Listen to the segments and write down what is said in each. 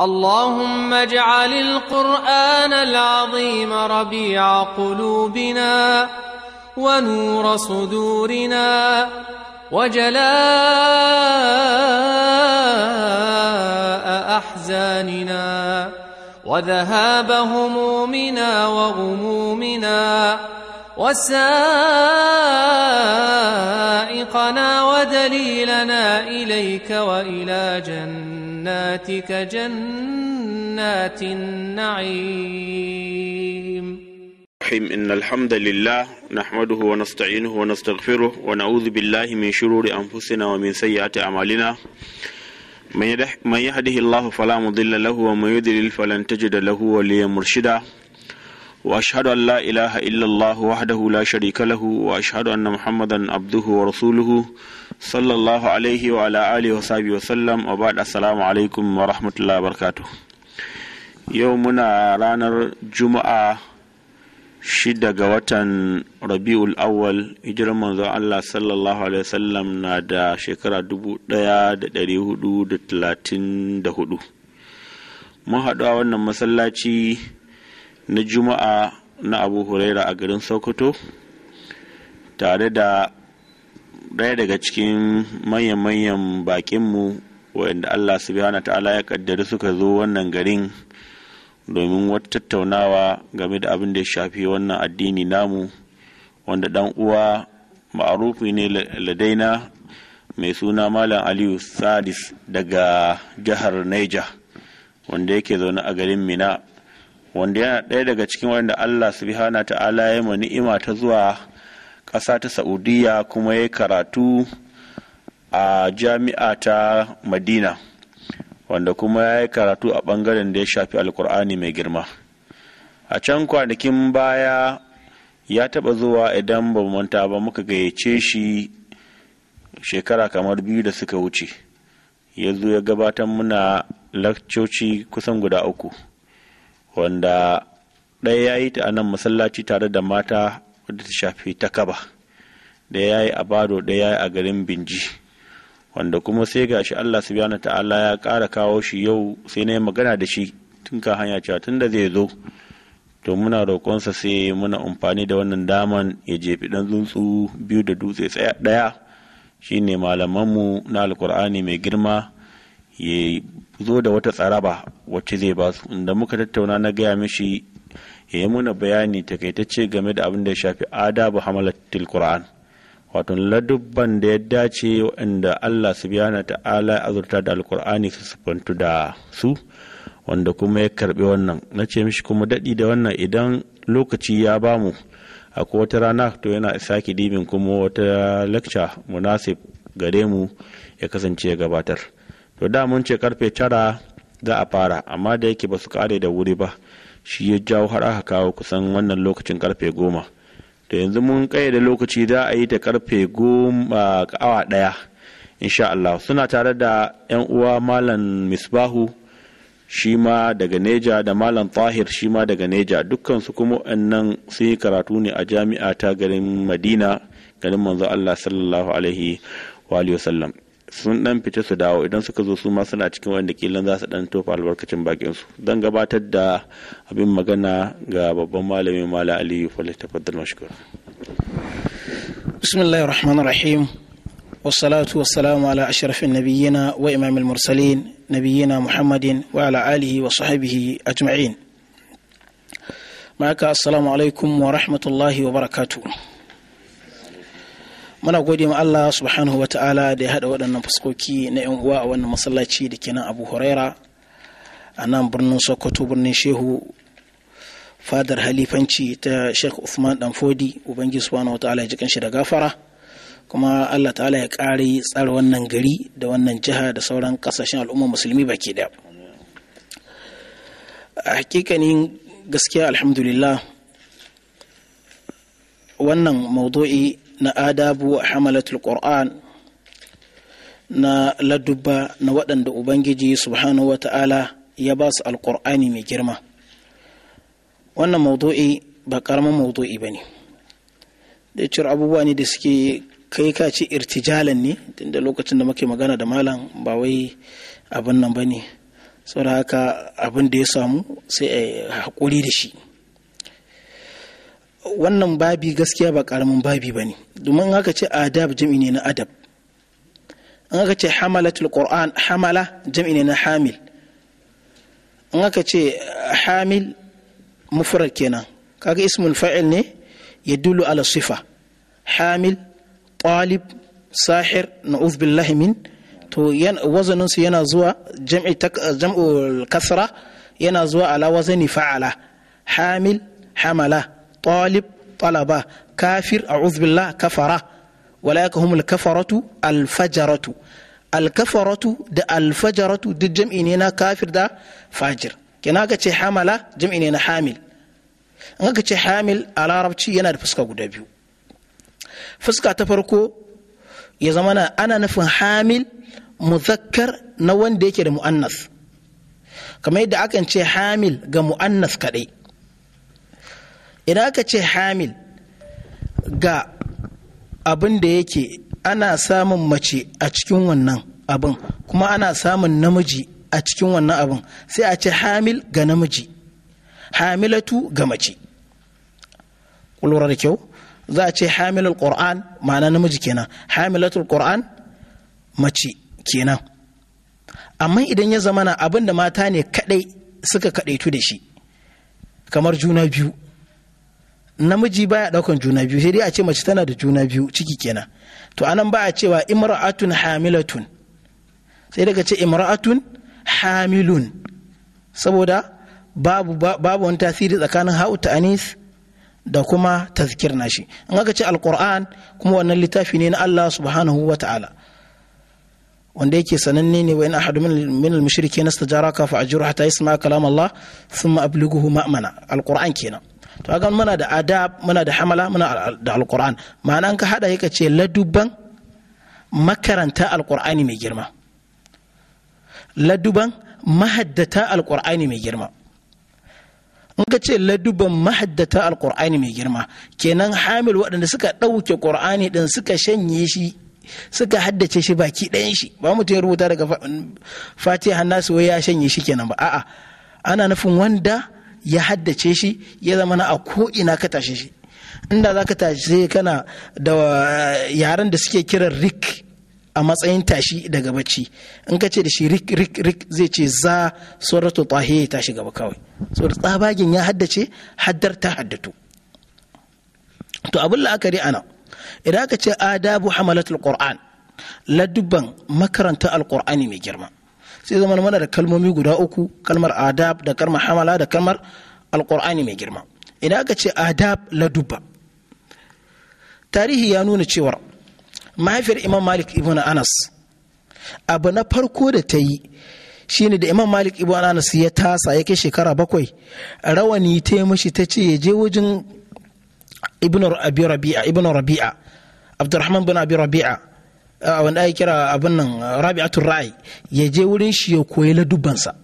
اللهم اجعل القرآن العظيم ربيع قلوبنا ونور صدورنا وجلاء أحزاننا وذهاب همومنا وغمومنا وسائقنا ودليلنا إليك وإلى جنة بجناتك جنات النعيم إن الحمد لله نحمده ونستعينه ونستغفره ونعوذ بالله من شرور أنفسنا ومن سيئات أعمالنا من يهده الله فلا مضل له ومن يضلل فلن تجد له وليا مرشدا واشهد ان لا اله الا الله وحده لا شريك له واشهد ان محمدا عبده ورسوله صلى الله عليه وعلى اله وصحبه وسلم وبعد السلام عليكم ورحمه الله وبركاته muna رانر جمعه shida ga watan rabi'ul awwal hijira manzo Allah sallallahu alaihi sallam, na da shekara dubu ɗaya da ɗari hudu da talatin da hudu mun haɗu wannan masallaci na juma'a na abu huraira a garin sokoto tare da ɗaya daga cikin manyan-manyan bakinmu waɗanda allah subhanahu ta'ala ya kaddari suka zo wannan garin domin wata tattaunawa game da abin da ya shafi wannan addini namu wanda dan uwa ma'arufi ne ladaina mai suna malam aliyu sadis daga jihar niger wanda yake zaune a garin mina wanda yana ɗaya daga cikin wanda Allah subhanahu ta'ala ya ma ni'ima ta zuwa ƙasa ta Saudiya kuma ya karatu a jami'a ta Madina wanda kuma ya karatu a ɓangaren da ya shafi alkur'ani mai girma a can kwanakin baya ya taɓa zuwa idan ba manta ba muka gayyace shi shekara kamar biyu da suka wuce ya zo ya gabatar muna lakcoci kusan guda uku wanda ɗaya ya yi ta a nan masallaci tare da mata wadda ta shafi ta kaba da ya yi a bado da ya yi a garin binji wanda kuma sai ga shi allah subhanahu ta'ala ya ƙara kawo shi yau sai na yi magana da shi tun ka hanya cewa tun da zai zo to muna roƙonsa sai muna amfani da wannan daman ya jefi ɗan tsuntsu biyu da dutse tsaya ɗaya shine malamanmu na alkur'ani mai girma ya zo da wata tsaraba wacce zai ba su inda muka tattauna na gaya mishi ya yi muna bayani takaitacce game da abin da ya shafi adabu hamalatul qur'an wato ladubban da ya dace waɗanda Allah su na ta'ala azurta da alkur'ani su sufantu da su wanda kuma ya karbi wannan na ce mishi kuma daɗi da wannan idan lokaci ya bamu akwai wata rana to yana saki dibin kuma wata lecture munasib gare mu ya kasance ya gabatar to da mun ce karfe tara za a fara amma da yake ba su kare da wuri ba shi ya jawo har aka kawo kusan wannan lokacin karfe goma to yanzu mun kai da lokaci za a yi da karfe goma awa daya insha Allah suna tare da yan uwa malam misbahu shi ma daga neja da malam tahir shi ma daga neja su kuma nan sun yi karatu ne a jami'a ta garin madina garin manzo Allah sallallahu alaihi wa sallam sun dan fita su dawo idan suka zo su ma suna cikin wanda kilan za su dan tofa albarkacin bakin su dan gabatar da abin magana ga babban malami mala ali fali tafaddal mashkur bismillahir rahmanir rahim wassalatu wassalamu ala ashrafin nabiyyina wa imamil mursalin nabiyyina muhammadin wa ala alihi wa sahbihi ajma'in ma'aka assalamu alaikum wa rahmatullahi wa barakatuh muna gode ma Allah subhanahu wa ta'ala da ya haɗa waɗannan fuskoki na 'yan uwa a wannan masallaci da ke nan abu huraira a nan birnin sokoto birnin shehu fadar halifanci ta sheikh Uthman danfodi ubangi subhanahu wa ta'ala ya jikan shi da gafara kuma Allah ta'ala ya ƙare tsara wannan gari da wannan jiha da sauran ƙasashen al'umma musulmi baki ɗaya a hakikanin gaskiya alhamdulillah wannan maudu'i na adabu hamalatul qur'an na ladubba na waɗanda ubangiji subhanahu wata'ala ya basu su alƙur'ani mai girma wannan maudu'i ba ƙaramin maudu'i ba ne da cir abubuwa ne da suke kai ka ci irtijalan ne tunda lokacin da muke magana da malam ba wai abin nan ba ne saboda haka abin da ya samu sai a haƙuri da shi wannan babi gaskiya ba karamin babi ba ne domin haka ce adab jam'i ne na adab in haka ce hamalatul qur'an hamala jam'i ne na hamil in haka ce hamil mufrad kenan kaga ismul fa'il ne ya dulu ala sifa hamil talib sahir na billahi min to wazanin yana zuwa jam'i jam'ul kasra yana zuwa ala wazani fa'ala hamil hamala talib talaba kafir a'udhu billah kafara walaika humul kafaratu alfajaratu alkafaratu da alfajaratu duk jam'i ne na kafir da fajir kina ga ce hamala jam'i ne na hamil in aka ce hamil a larabci yana da fuska guda biyu fuska ta farko ya zama na ana nufin hamil muzakkar na wanda yake da mu'annas kamar yadda akan ce hamil ga mu'annas kaɗai Ina ka ce hamil ga abin da yake ana samun mace a cikin wannan abin kuma ana samun namiji a cikin wannan abin sai a ce hamil ga namiji hamilatu ga mace lura da kyau za a ce hamilul qur'an ma'ana namiji kenan hamilatul qur'an mace kenan amma idan ya zamana abin da mata ne kadai suka kadaitu da shi kamar juna biyu namiji baya daukan juna biyu sai dai a ce mace tana da juna biyu ciki kenan to anan ba a cewa imra'atun hamilatun sai daga ce imra'atun hamilun saboda babu babu wani tasiri tsakanin ha'u ta anis da kuma tazkir nashi in aka ce alquran kuma wannan littafi ne na Allah subhanahu wa ta'ala wanda yake sananne ne wa in ahadu min al-mushrikeena istajaraka fa ajruhu hatta yasma kalam Allah thumma ablighuhu ma'mana alquran kenan to ga muna da adab muna da hamala muna da alquran ma'ana ka hada yaka ce laduban makaranta alqur'ani mai girma laduban mahaddata alqur'ani mai girma in ka ce laduban mahaddata alqur'ani mai girma kenan hamil waɗanda suka ɗauke ƙur'ani ɗin suka shanye shi suka haddace shi baki ɗayan shi ba mutum ya rubuta daga fatiha nasu wai ya shanye shi kenan ba a'a ana nufin wanda ya haddace shi ya zama na a ko'ina ka tashe shi inda za ka tashe kana da eh, yaren da suke kiran rik a matsayin tashi daga bacci in ka ce da shi rik rik rik zai ce za suratu tahe ya tashi gaba kawai so tsabagin ya haddace haddar ta haddatu to abin la'akari ana idan ka ce adabu hamalatul qur'an ladubban makarantar alqur'ani mai girma sai zama mana da kalmomi guda uku kalmar adab da kalmar hamala da kalmar alkur'ani mai girma ina aka ce adab la dubba. tarihi ya nuna cewar mahaifiyar imam malik ibn anas abu na farko da ta yi shine da imam malik ibn anas ya tasa ya kai shekara bakwai rawani ta yi mashi ta ce ya je wajen ibn rabi'a ibn abdurrahman bin abi rabi'a wanda ake kira abin nan rabi'atul ra'ayi ya je wurin shi ya koyi ladubansa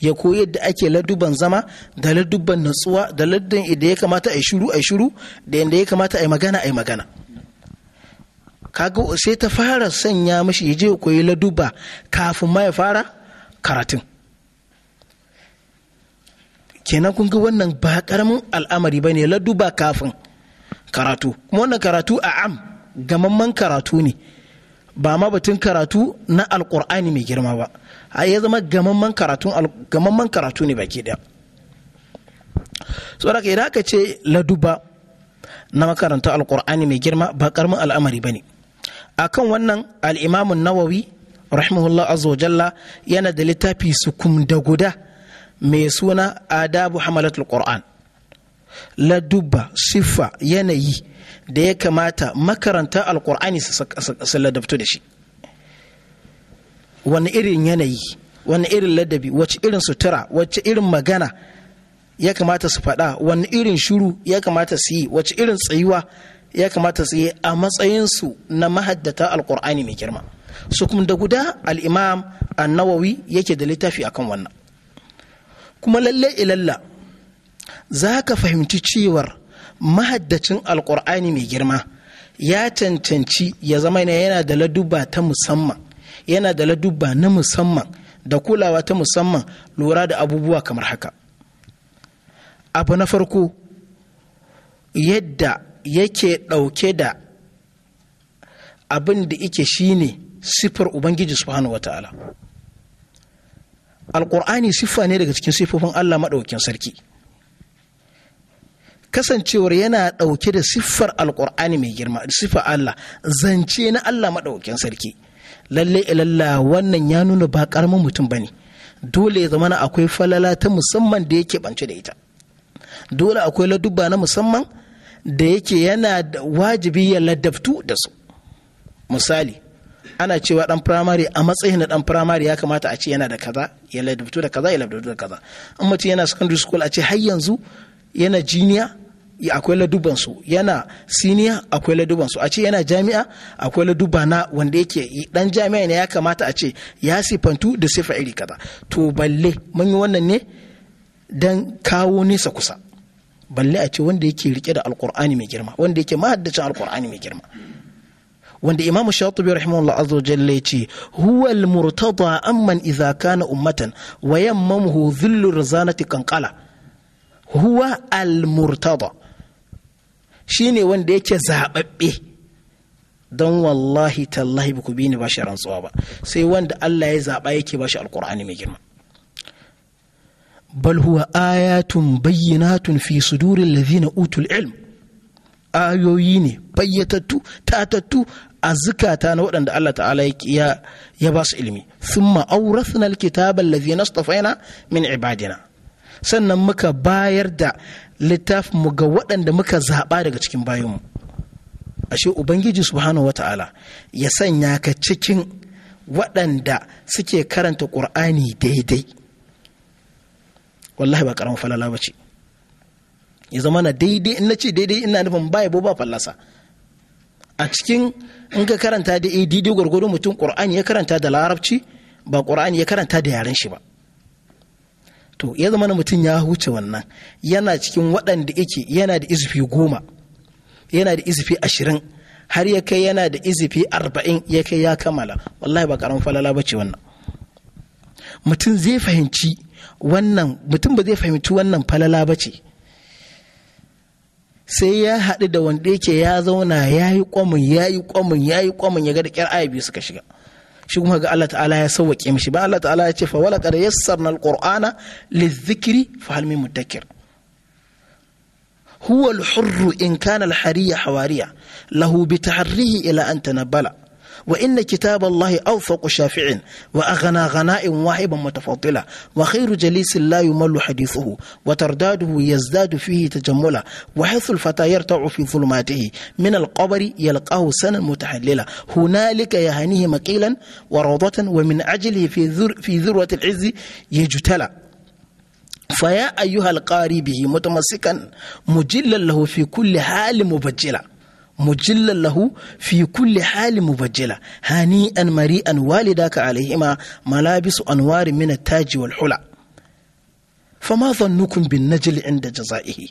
ya koyi yadda ake laduban zama da laduban natsuwa da laddan idan ya kamata a shuru a shuru, da yadda ya kamata a magana a magana kaga sai ta fara sanya mashi ya je ya koyi laduba kafin ma ya fara karatun kenan kun ga wannan ba karamin al'amari ba ne laduba kafin karatu kuma wannan karatu a am gamamman karatu ne ba ma batun karatu na alkur'ani mai girma ba a ya zama gamamman karatu ne baki daya daga idan aka ce laduba na makaranta alkur'ani mai girma ba karamin al'amari ba ne a kan wannan al'imamun nawawi rahimahullah azawajalla yana da littafi su kum da guda mai suna adabu hamalatul qur'an ladubba siffa yanayi da ya kamata makaranta alkur'ani su ladabtu da shi wani irin yanayi wani irin ladabi wacce irin sutura wacce irin magana ya kamata su faɗa wani irin shuru ya kamata su yi wacce irin tsayuwa ya kamata su yi a matsayinsu na mahaddata alkur'ani mai girma su kuma da guda al'imam annawawi yake da littafi akan wannan kuma lalle ilalla za ka fahimci cewar mahaddacin alkur'ani mai girma ya cancanci ya zama yana da ladubba ta musamman yana da ladubba na musamman da kulawa ta musamman lura da abubuwa kamar haka abu na farko yadda yake ɗauke da abin da yake shine sifar ubangiji subhanahu wa ta'ala alƙur'ani siffa ne daga cikin siffofin allah maɗaukin sarki kasancewar yana ɗauke da siffar alƙur'ani mai girma siffar Allah zance na Allah maɗaukin sarki lalle ilalla wannan ya nuna ba ƙaramin mutum bane dole ya zamana akwai falala ta musamman da yake bance da ita dole akwai ladubba na musamman da yake yana da wajibi ya ladabtu da su misali ana cewa ɗan firamare a matsayin na dan firamare ya kamata a ce yana da kaza ya ladabtu da kaza ya ladabtu da kaza in mutum yana secondary school a ce har yanzu yana jiniya akwai ladubansu yana siniya akwai ladubansu a ce yana jami'a akwai laduba na wanda yake dan jami'a ne ya kamata a ce ya sifantu da sifa iri kaza to balle mun yi wannan ne dan kawo nesa kusa balle a ce wanda yake rike da alkur'ani mai girma wanda yake mahaddacin alkur'ani mai girma wanda imamu shatubi rahimahullah azza jalla ya ce huwa murtada amman idza kana ummatan wa yammamuhu dhillu rizanati kankala huwa almurtada Shi ne wanda yake zaɓaɓɓe don wallahi tallahi ba ku bi ni ba shi rantsuwa ba sai wanda Allah ya zaɓa yake ba shi alkur'ani mai girma bal huwa ayatun bayyinatun fi sudurin ladhina utul ilm ayoyi ne bayyatattu tatattu a zukata na waɗanda Allah ta'ala ya ya ba su ilimi thumma awrathna alkitaba alladhina istafaina min ibadina sannan muka bayar da mu ga waɗanda muka zaɓa daga cikin bayanmu ashe ubangiji subhanahu wata'ala ya sanya ka cikin waɗanda suke karanta ƙur'ani daidai wallahi ba ƙaramin falala ba ce ya zama na daidai in ce daidai ina nufin ba yabo ba fallasa a cikin in ka karanta da daidai gwargwado mutum ƙur'ani ya karanta da larabci ba ƙur'ani ya karanta da yaren shi ba to ya zama mutum ya huce wannan yana cikin waɗanda yake yana da izifi goma yana da izifi ashirin har ya kai yana da izifi arba'in ya kai ya kamala. wallahi ba karamin falala ba ce wannan mutum zai fahimci wannan mutum ba zai fahimci wannan falala ba ce sai ya haɗu da wanda yake ya zauna ya yi kwamin ya yi kwamin ya yi kwamin ya ga da ƙyar biyu suka shiga shi kuma ga Allah ta'ala ya sauwake mishi ba Allah ta'ala ya ce fa wala qad yassarna alqur'ana lizikri fa hal min mudakkir huwa alhurr in kana alhariya hawariya lahu bitahrihi ila an tanabbala وإن كتاب الله أوفق شافع وأغنى غناء واهبا متفضلا وخير جليس لا يمل حديثه وترداده يزداد فيه تجملا وحيث الفتى يرتع في ظلماته من القبر يلقاه سنا متحللا هنالك يهنيه مقيلا وروضة ومن أجله في, ذر في ذروة العز يجتلى فيا أيها القاري به متمسكا مجلا له في كل حال مبجلا مجلا له في كل حال مبجلا هنيئا مريئا والداك عليهما ملابس أنوار من التاج والحلى فما ظنكم بالنجل عند جزائه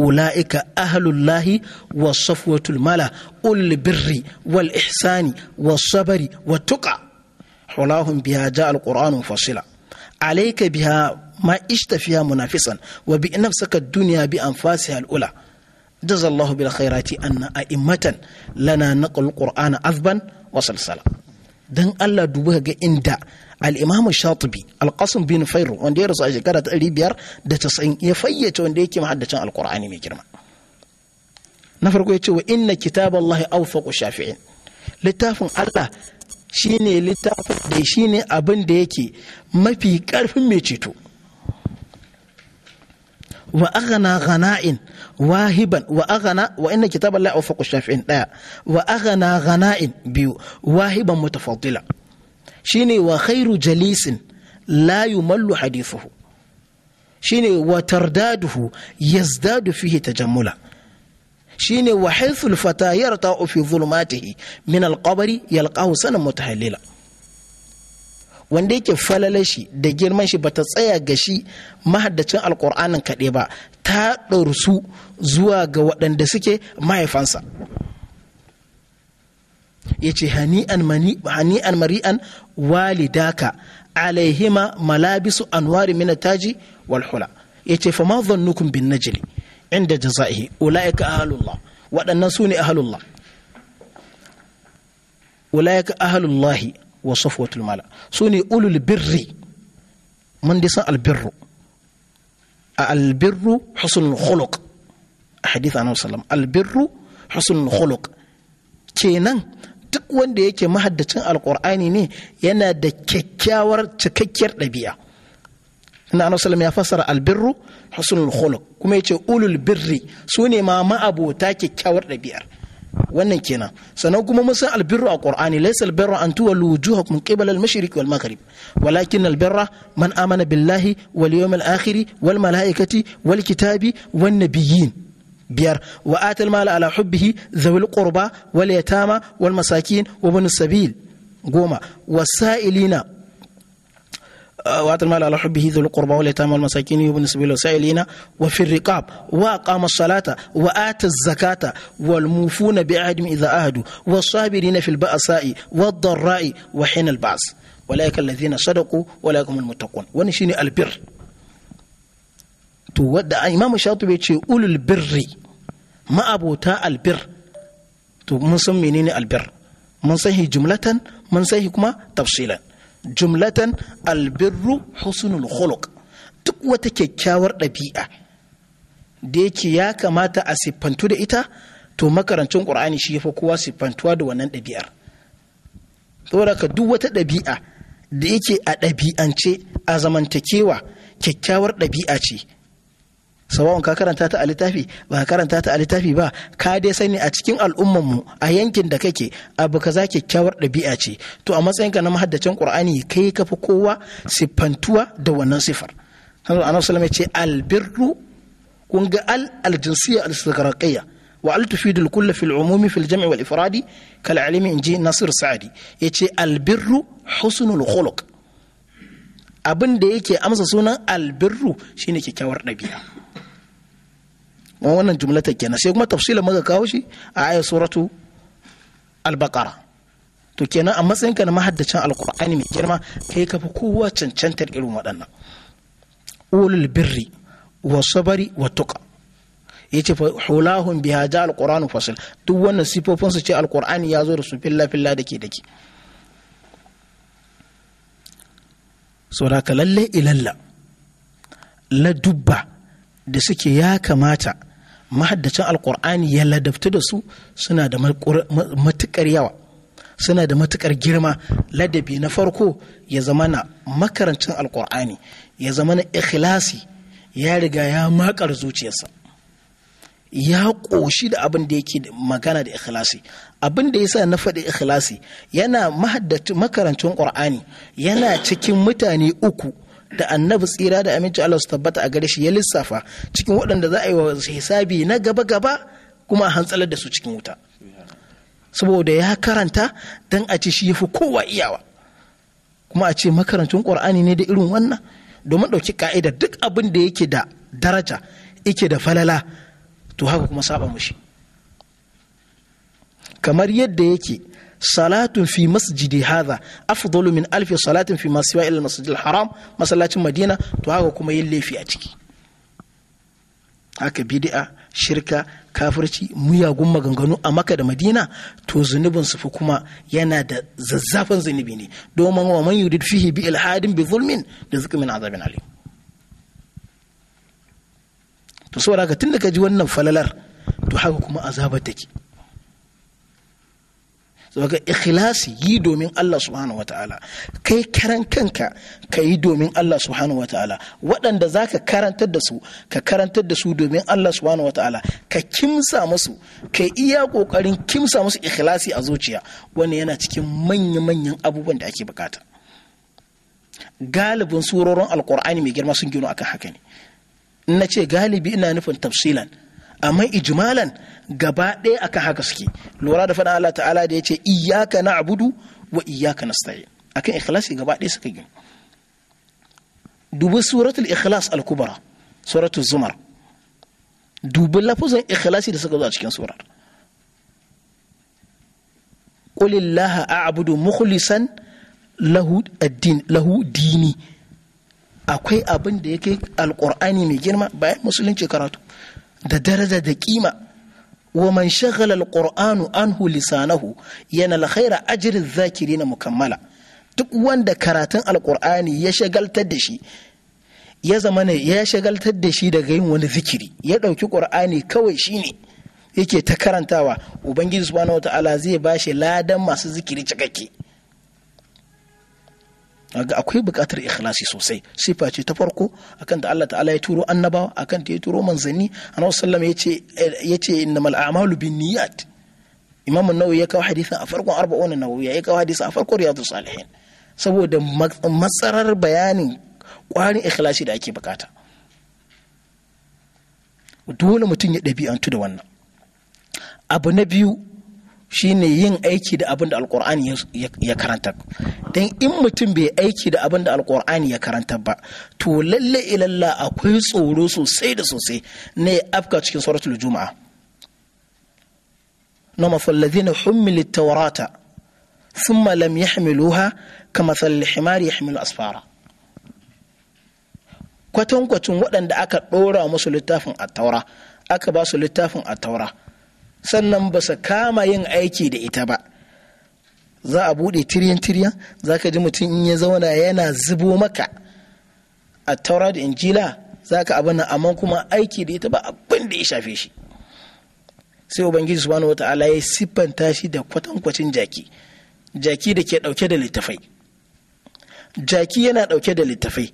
أولئك أهل الله والصفوة الملا البر والإحسان والصبر والتقى حلاهم بها جاء القرآن فصلا عليك بها ما اشت فيها منافسا وبنفسك الدنيا بأنفاسها الأولى jazallahu bil khairati anna a'immatan lana naqal qur'ana azban wa salsala dan Allah Duba ga inda al-Imam Shatibi al-Qasim bin Fairu wanda ya rasu a shekara ta 590 ya fayyace wanda yake mahaddacin al-Qur'ani mai girma na farko ya ce wa inna kitaballahi awfaqu shafi'in littafin Allah shine litafin da shine abin da yake mafi karfin mai ceto wa aghna ghana'in wahiban wa aghna wa inna kitaballahi awfaqu shafi'in daya wa aghna ghana'in biyu wahiban mutafaddila shine wa khairu jalisin la yumallu hadithuhu shine wa tardaduhu yazdadu fihi tajammula shine wa haythu alfata yarta'u fi dhulumatihi min alqabri yalqahu sanan mutahallila wanda yake falala shi da girman shi bata tsaya ga shi mahaddacin alkur'anin kaɗai ba ta ɗarsu zuwa ga waɗanda suke mahaifansa ya ce hani'an mari'an walidaka alaihima malabisu anwari mina taji walhula ya ce fama nukun bin najili inda jaza'ihi ula'ika ahalullah waɗannan su ne ahalullah ula'ika ahalullahi wa safwatul mala su ne ulul birri mun dai san albirru a albirru husnul khuluq a hadith annabi sallam albirru husnul khuluq kenan duk wanda yake mahaddacin alqur'ani ne yana da kyakkyawar cikakkiyar ɗabi'a ina annabi sallam ya fassara albirru husnul khuluq kuma yace ulul birri su ne ma ma'abota kyakkyawar ɗabi'ar wannan kenan sannan kuma mun san albirru a qur'ani laysa albirru an tuwallu wujuhakum qibala al-mashriq wal maghrib walakin albirra man amana billahi wal yawmil akhir wal malaikati wal kitabi wan nabiyyin biyar wa atal mala ala hubbihi zawil qurba wal yatama wal masakin wa bin sabil goma wasailina وآتى المال على حبه ذو القربى واليتامى والمساكين وابن السبيل والسائلين وفي الرقاب وأقام الصلاة وآتى الزكاة والموفون بعهدهم إذا عهدوا والصابرين في البأساء والضراء وحين البعث أولئك الذين صدقوا أولئك هم المتقون وأنا شيني البر to wadda imam shatubi ce ulul birri ma'abota albir to mun san menene albir mun san hi jumlatan mun san hi kuma tafsilan jumlatan albirru husnul khuluq duk wata kyakkyawar ɗabi'a da yake ya kamata a siffantu da ita to makarancin ƙur'ani shi yafi kowa siffantuwa da wannan ɗabi'ar saboda ka duk wata ɗabi'a da yake a ɗabi'ance a zamantakewa kyakkyawar ɗabi'a ce sawa'un ka karanta ta a littafi ba ka karanta ta a littafi ba ka dai sani a cikin al'ummanmu a yankin da kake abu kaza kyakkyawar ɗabi'a ce to a matsayinka na mahaddacin qur'ani kai ka fi kowa siffantuwa da wannan sifar hanzu annabi sallallahu ce albirru kun ga al aljinsiyya al-istighraqiyya wa al tufidu al-kull fil umumi fil jam'i wal ifradi kal alimi inji nasir sa'adi yace albirru husnul khuluq abin da yake amsa sunan albirru shine kyakkyawar ɗabi'a wannan jumlatar kenan sai kuma tafsilin muka kawo shi a ayar suratu al to kenan a matsayinka na mahaddacin alkur'ani mai girma kai ka fi kowa cancantar irin waɗannan ulul birri wa sabari wa tuqa yace fa hulahum biha ja alqur'anu fasil duk wannan sifofin su ce alkur'ani ya zo da su filla filla dake dake saboda lalle ilalla la dubba da suke ya kamata mahaddacin alkur'ani ya ladabta da su suna da matukar yawa suna da matukar girma ladabi na farko ya zama na makarancin alkur'ani ya zama na ikhlasi ya riga ya makar zuciyarsa ya ƙoshi da abin da yake magana da ikhlasi abin da ya sa na faɗi ikhlasi yana mahaddacin makarancin ƙur'ani yana cikin mutane uku da annabi tsira da aminci Allah su tabbata a gare shi ya lissafa cikin waɗanda za a yi wa hisabi na gaba gaba kuma a hantsalar da su cikin wuta saboda ya karanta dan a ce shi ya fi kowa iyawa kuma a ce makarantun ƙur'ani ne da irin wannan domin ɗauki ka'ida duk abin da yake da daraja yake da falala to haka kuma saba mushi kamar yadda yake salatun fi masjidi hadha afdalu min alfi salatin fi masiwa ila masjidil haram masallacin madina to haka kuma yin laifi a ciki haka bid'a shirka kafirci muyagun maganganu a maka da madina to zunubin su fi kuma yana da zazzafan zunubi ne domin wa man yurid fihi bi ilhadin bi zulmin da zikr min azabin alim to saboda haka tun da ka ji wannan falalar to haka kuma azabar take ga ikhlasi yi domin Allah subhanahu wataala kai karan kanka ka yi domin Allah subhanahu wataala waɗanda za ka karantar da su ka karantar da su domin Allah subhanahu wataala ka kimsa musu ka iya ƙoƙarin kimsa musu ikhlasi a zuciya wani yana cikin manya-manyan abubuwan da ake bukata galibin surorin alkur'ani mai girma sun gino akan haka ne na ce galibi ina nufin tafsilan amma ijmalan gaba ɗaya aka haka suke lura da faɗin Allah ta'ala da ya ce iyaka na abudu wa iyaka na staye kan ikhlasi gaba ɗaya suka gina dubi suratul ikhlas al kubara suratul zumar dubi lafuzan ikhlasi da suka zo a cikin surar a a'budu mukhlisan lahu addin lahu dini akwai abin da yake alkur'ani mai girma bayan musulunci karatu da daraja da kima wa man shagala alqur'anu anhu lisanahu yana alkhaira ajrin zakirina mukammala duk wanda karatun alqur'ani ya shagaltar da shi ya zama ne ya shagaltar da shi daga yin wani zikiri ya ɗauki qur'ani kawai shine yake ta karantawa ubangiji subhanahu wataala zai bashi ladan masu zikiri cikakke aga akwai buƙatar ikhlasi sosai sifa ce ta farko akan da Allah ta'ala ya turo annabawa akan ta ya turo manzanni annabi sallallahu alaihi wasallam yace innamal a'malu binniyat imamu nawawi ya kawo hadisin a farkon arba'un nawawi ya kawo hadisin a farkon riyadu salihin saboda matsarar bayanin kwarin ikhlasi da ake bukata dole mutum ya ɗabi'antu da wannan abu na biyu shine yin aiki da abin da alkur'ani ya karanta don in mutum bai aiki da abin da alkur'ani ya karanta ba to lalle ilalla akwai tsoro sosai da sosai na ya afka cikin suratul juma'a na na hummili taurata sun malam ya hamiluha kama himari ya hamilu asfara kwatankwacin waɗanda aka ɗora musu littafin a taura aka ba su littafin a taura sannan ba su kama yin aiki da ita ba za a buɗe tiryan tiryan za ka ji mutum in ya zauna yana zubo maka a taura da injila za ka abin amma kuma aiki da ita ba abin da ya shafe shi sai ubangiji subhanahu ta'ala ya siffanta shi da kwatankwacin jaki jaki da ke ɗauke da littafai jaki yana ɗauke da littafai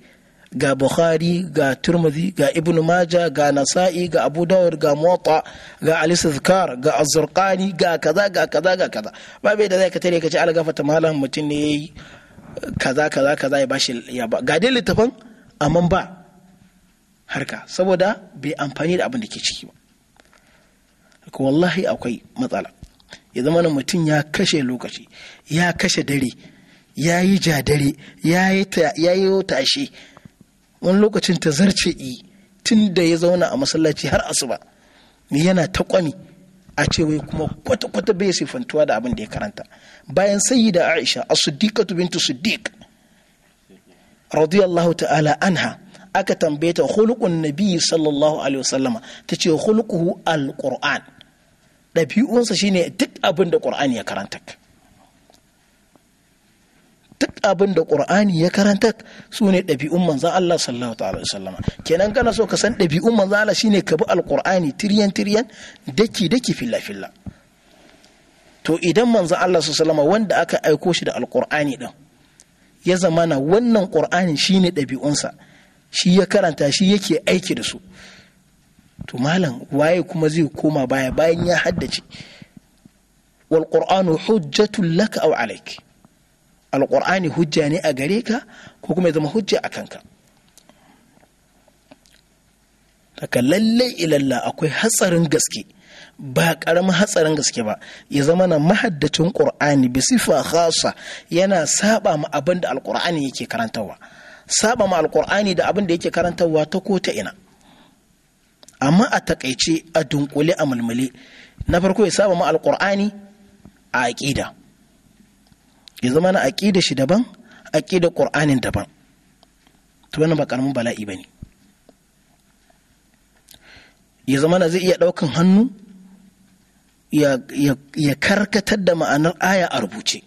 ga bukhari ga turmuzi ga ibn maja ga nasa'i ga abu dawud ga muwatta ga Ali istizkar ga Az-Zurqani ga kaza ga kaza ga kaza ba bai da zai ka tare ka ci algafata malam mutum ne yayi kaza kaza kaza ya bashi ya ba ga dai littafin amma ba harka saboda bai amfani da abin da ke ciki ba wallahi akwai matsala ya zama na mutum ya kashe lokaci ya kashe dare ya yi jadare ya yi tashe wani lokacin ta zarce yi tun da ya zauna a masallaci har asuba yana ta kwami a ce wai kuma kwata-kwata bai sifantuwa da abin da ya karanta bayan sayi da aisha a siddiqatu bintu siddiq radiyallahu ta'ala anha aka tambaye ta hulukun biyu sallallahu alaihi wasallama ta ce al alquran ɗabi'unsa shine duk abin da qur'ani ya karanta duk abin da qur'ani ya karanta su ne ɗabi'un manzan Allah sallallahu ta'ala sallama kenan kana so ka san ɗabi'un manzan Allah shine ka bi alqur'ani tiryan tiryan daki daki filla filla to idan manzan Allah sallallahu ta'ala wanda aka aiko shi da alqur'ani din ya zamana wannan qur'ani shine ɗabi'unsa shi ya karanta shi yake aiki da su to malam waye kuma zai koma baya bayan ya haddace wal qur'anu hujjatul laka aw alayk alƙur'ani hujja ne a gare ka ko kuma ya zama hujja a kanka ka lallai ilalla akwai hatsarin gaske ba ƙaramin hatsarin gaske ba ya zama na mahaddacin ƙur'ani bi sifa khasa yana saba ma abin da alƙur'ani yake karantarwa saba ma alƙur'ani da abin da yake karantarwa ta ko ta ina amma a takaice a dunkule a mulmule na farko ya saba ma alƙur'ani a aƙida ya zama na aƙida shi daban aƙida ƙur'anin daban to wannan ba ƙaramin bala'i ba ne ya zama na zai iya ɗaukan hannu ya karkatar da ma'anar aya a rubuce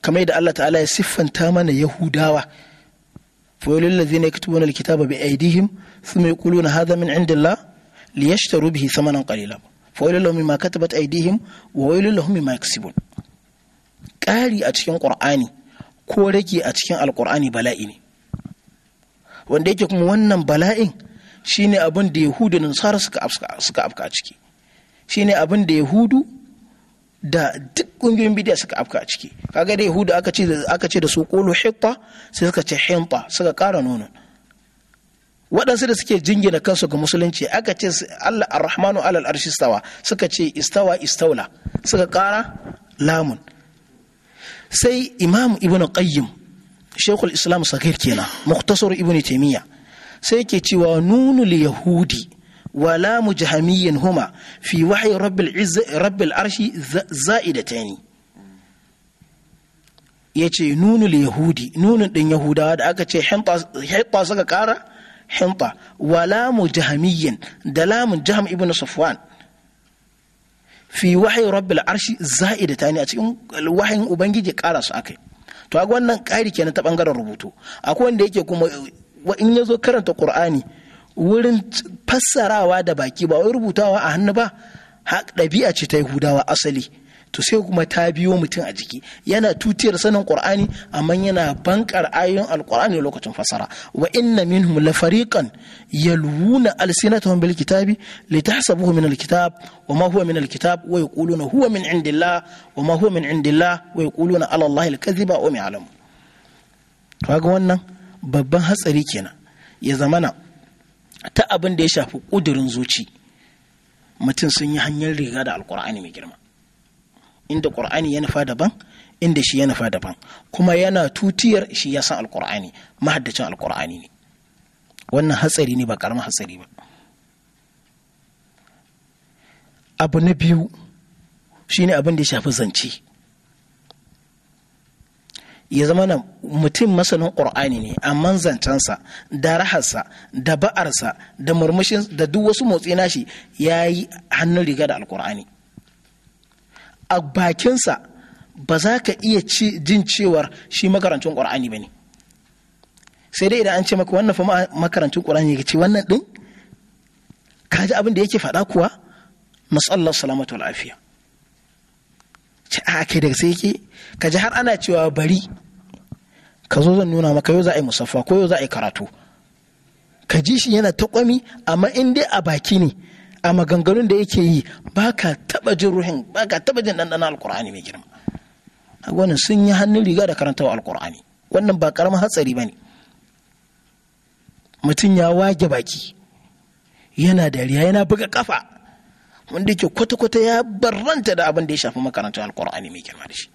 kamar da Allah ta'ala ya siffanta mana yahudawa fayolin lazina ya kitubu na likita bi aidihim su mai kulu na hada min indillah liyashtaru bihi samanan qalila fa wailul lahum mimma katabat aydihim wa wailul mimma yaksibun ƙari a cikin ƙur'ani ko rage a cikin alƙur'ani bala'i ne wanda yake kuma wannan bala'in shine abin da yahudu da nasara suka afka a ciki shine abin da yahudu da duk ƙungiyoyin bidiya suka afka a ciki kaga da yahudu aka ce da su ƙulu hitta sai suka ce hinta suka ƙara nonon waɗansu da suke jingina kansu ga musulunci aka ce Allah arrahmanu alal arshi stawa suka ce istawa istaula suka ƙara lamun sai imam ibn qayyim shekul islam sakir kenan muktasar ibn taimiyya sai ke cewa nunul yahudi wa lamu jahamiyyin huma fi wahyi rabbil rabbil arshi za'idatayn yace nunul yahudi nunu din yahudawa da aka ce hinta suka ƙara hinta wa lamu jahamiyyin da lamun jaham ibn safwan fi wahayi rabbil arshi za'ida tani a cikin wahayin ubangiji kara su akai to a wannan ƙari kenan ta bangaren rubutu akwai wanda yake kuma in ya zo karanta qur'ani wurin fassarawa da baki ba wai rubutawa a hannu ba ɗabi'a ce ta yahudawa asali to sai kuma ta biyo mutum a jiki yana tutiyar sanin qur'ani amma yana bankar ayoyin alqur'ani lokacin fasara wa inna minhum la fariqan yalwuna alsinatahum bil kitabi litahsabuhu min alkitab wa ma huwa min alkitab wa yaquluna huwa min indillah wa ma huwa min indillah wa yaquluna ala allahi alkadhiba wa ya'lamu kaga wannan babban hatsari kenan ya zamana ta abin da ya shafi ƙudurin zuci mutum sun yi hanyar riga da alqur'ani mai girma inda ƙur'ani ya nufa daban inda shi ya nufa daban kuma yana tutiyar shi ya san alqur'ani mahaddacin alqur'ani ne wannan hatsari ne ba karamin hatsari ba abu na biyu shine abin da ya shafi zance ya zama na mutum masanin ƙur'ani ne amma zancensa da raharsa da ba'arsa da murmushin da duk wasu motsi nashi ya yi hannun riga da alƙur'ani a bakinsa ba za ka iya jin cewar shi makarancin ƙwar'ani ba ne sai dai idan an ce maka wannan fa makarancin ƙwar'ani ya ce wannan ɗin ka ji abin da yake faɗa kuwa matsalar salamatu lafiya ce a daga sai yake ka ji har ana cewa bari ka zo zan nuna maka yau za a yi musaffa ko yau za a yi karatu ka ji shi yana ta kwami amma in dai a baki ne a maganganun da yake yi ba ka taba jin ruhin ba ka taba jin ɗanɗana alkur'ani mai girma wannan sun yi hannun riga da karantawa alkur'ani wannan ba ƙaramin hatsari ba ne mutum ya wage baki yana dariya yana buga kafa wanda yake kwata-kwata ya barranta da abin da ya shafi makaranta alkur'ani mai girma da shi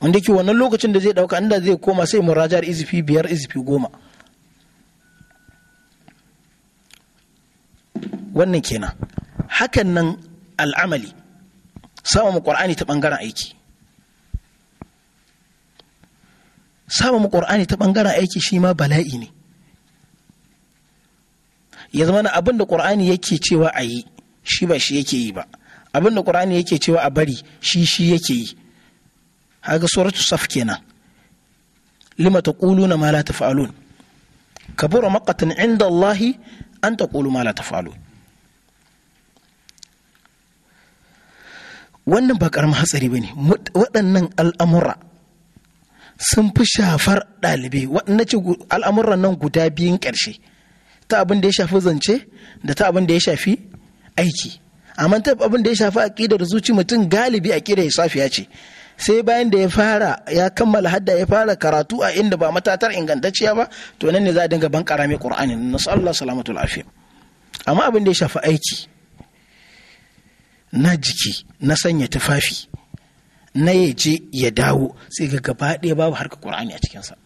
wanda yake wannan lokacin da zai dauka inda zai koma sai murajar izifi biyar izifi goma wannan kenan hakan nan al'amali samun ƙwar'ani ta ɓangaren aiki samun ƙwar'ani ta ɓangaren aiki shi ma bala'i ne ya zama abin da ƙwar'ani yake cewa a yi shi ba shi yake yi ba abin da ƙwar'ani yake cewa a bari shi shi yake yi haka suratu saf kenan lima ta na ma la fa'alun kabura makatan inda allahi an taqulu ma la fa'alun wannan ba karamin hatsari ba ne waɗannan al'amura sun fi shafar ɗalibai waɗanda ce al'amuran nan guda biyun ƙarshe ta abin da ya shafi zance da ta abin da ya shafi aiki amma ta abin da ya shafi aƙidar zuci mutum galibi aƙidar safiya ce sai bayan da ya fara ya kammala hadda ya fara karatu a inda ba matatar ingantacciya ba to nan ne za a dinga ban karame qur'ani nasu Allah salamatul afiya amma abin da ya shafi aiki na jiki na sanya tufafi na ya je ya dawo sai ga gaba ɗaya babu harkar ƙur'ani a cikinsa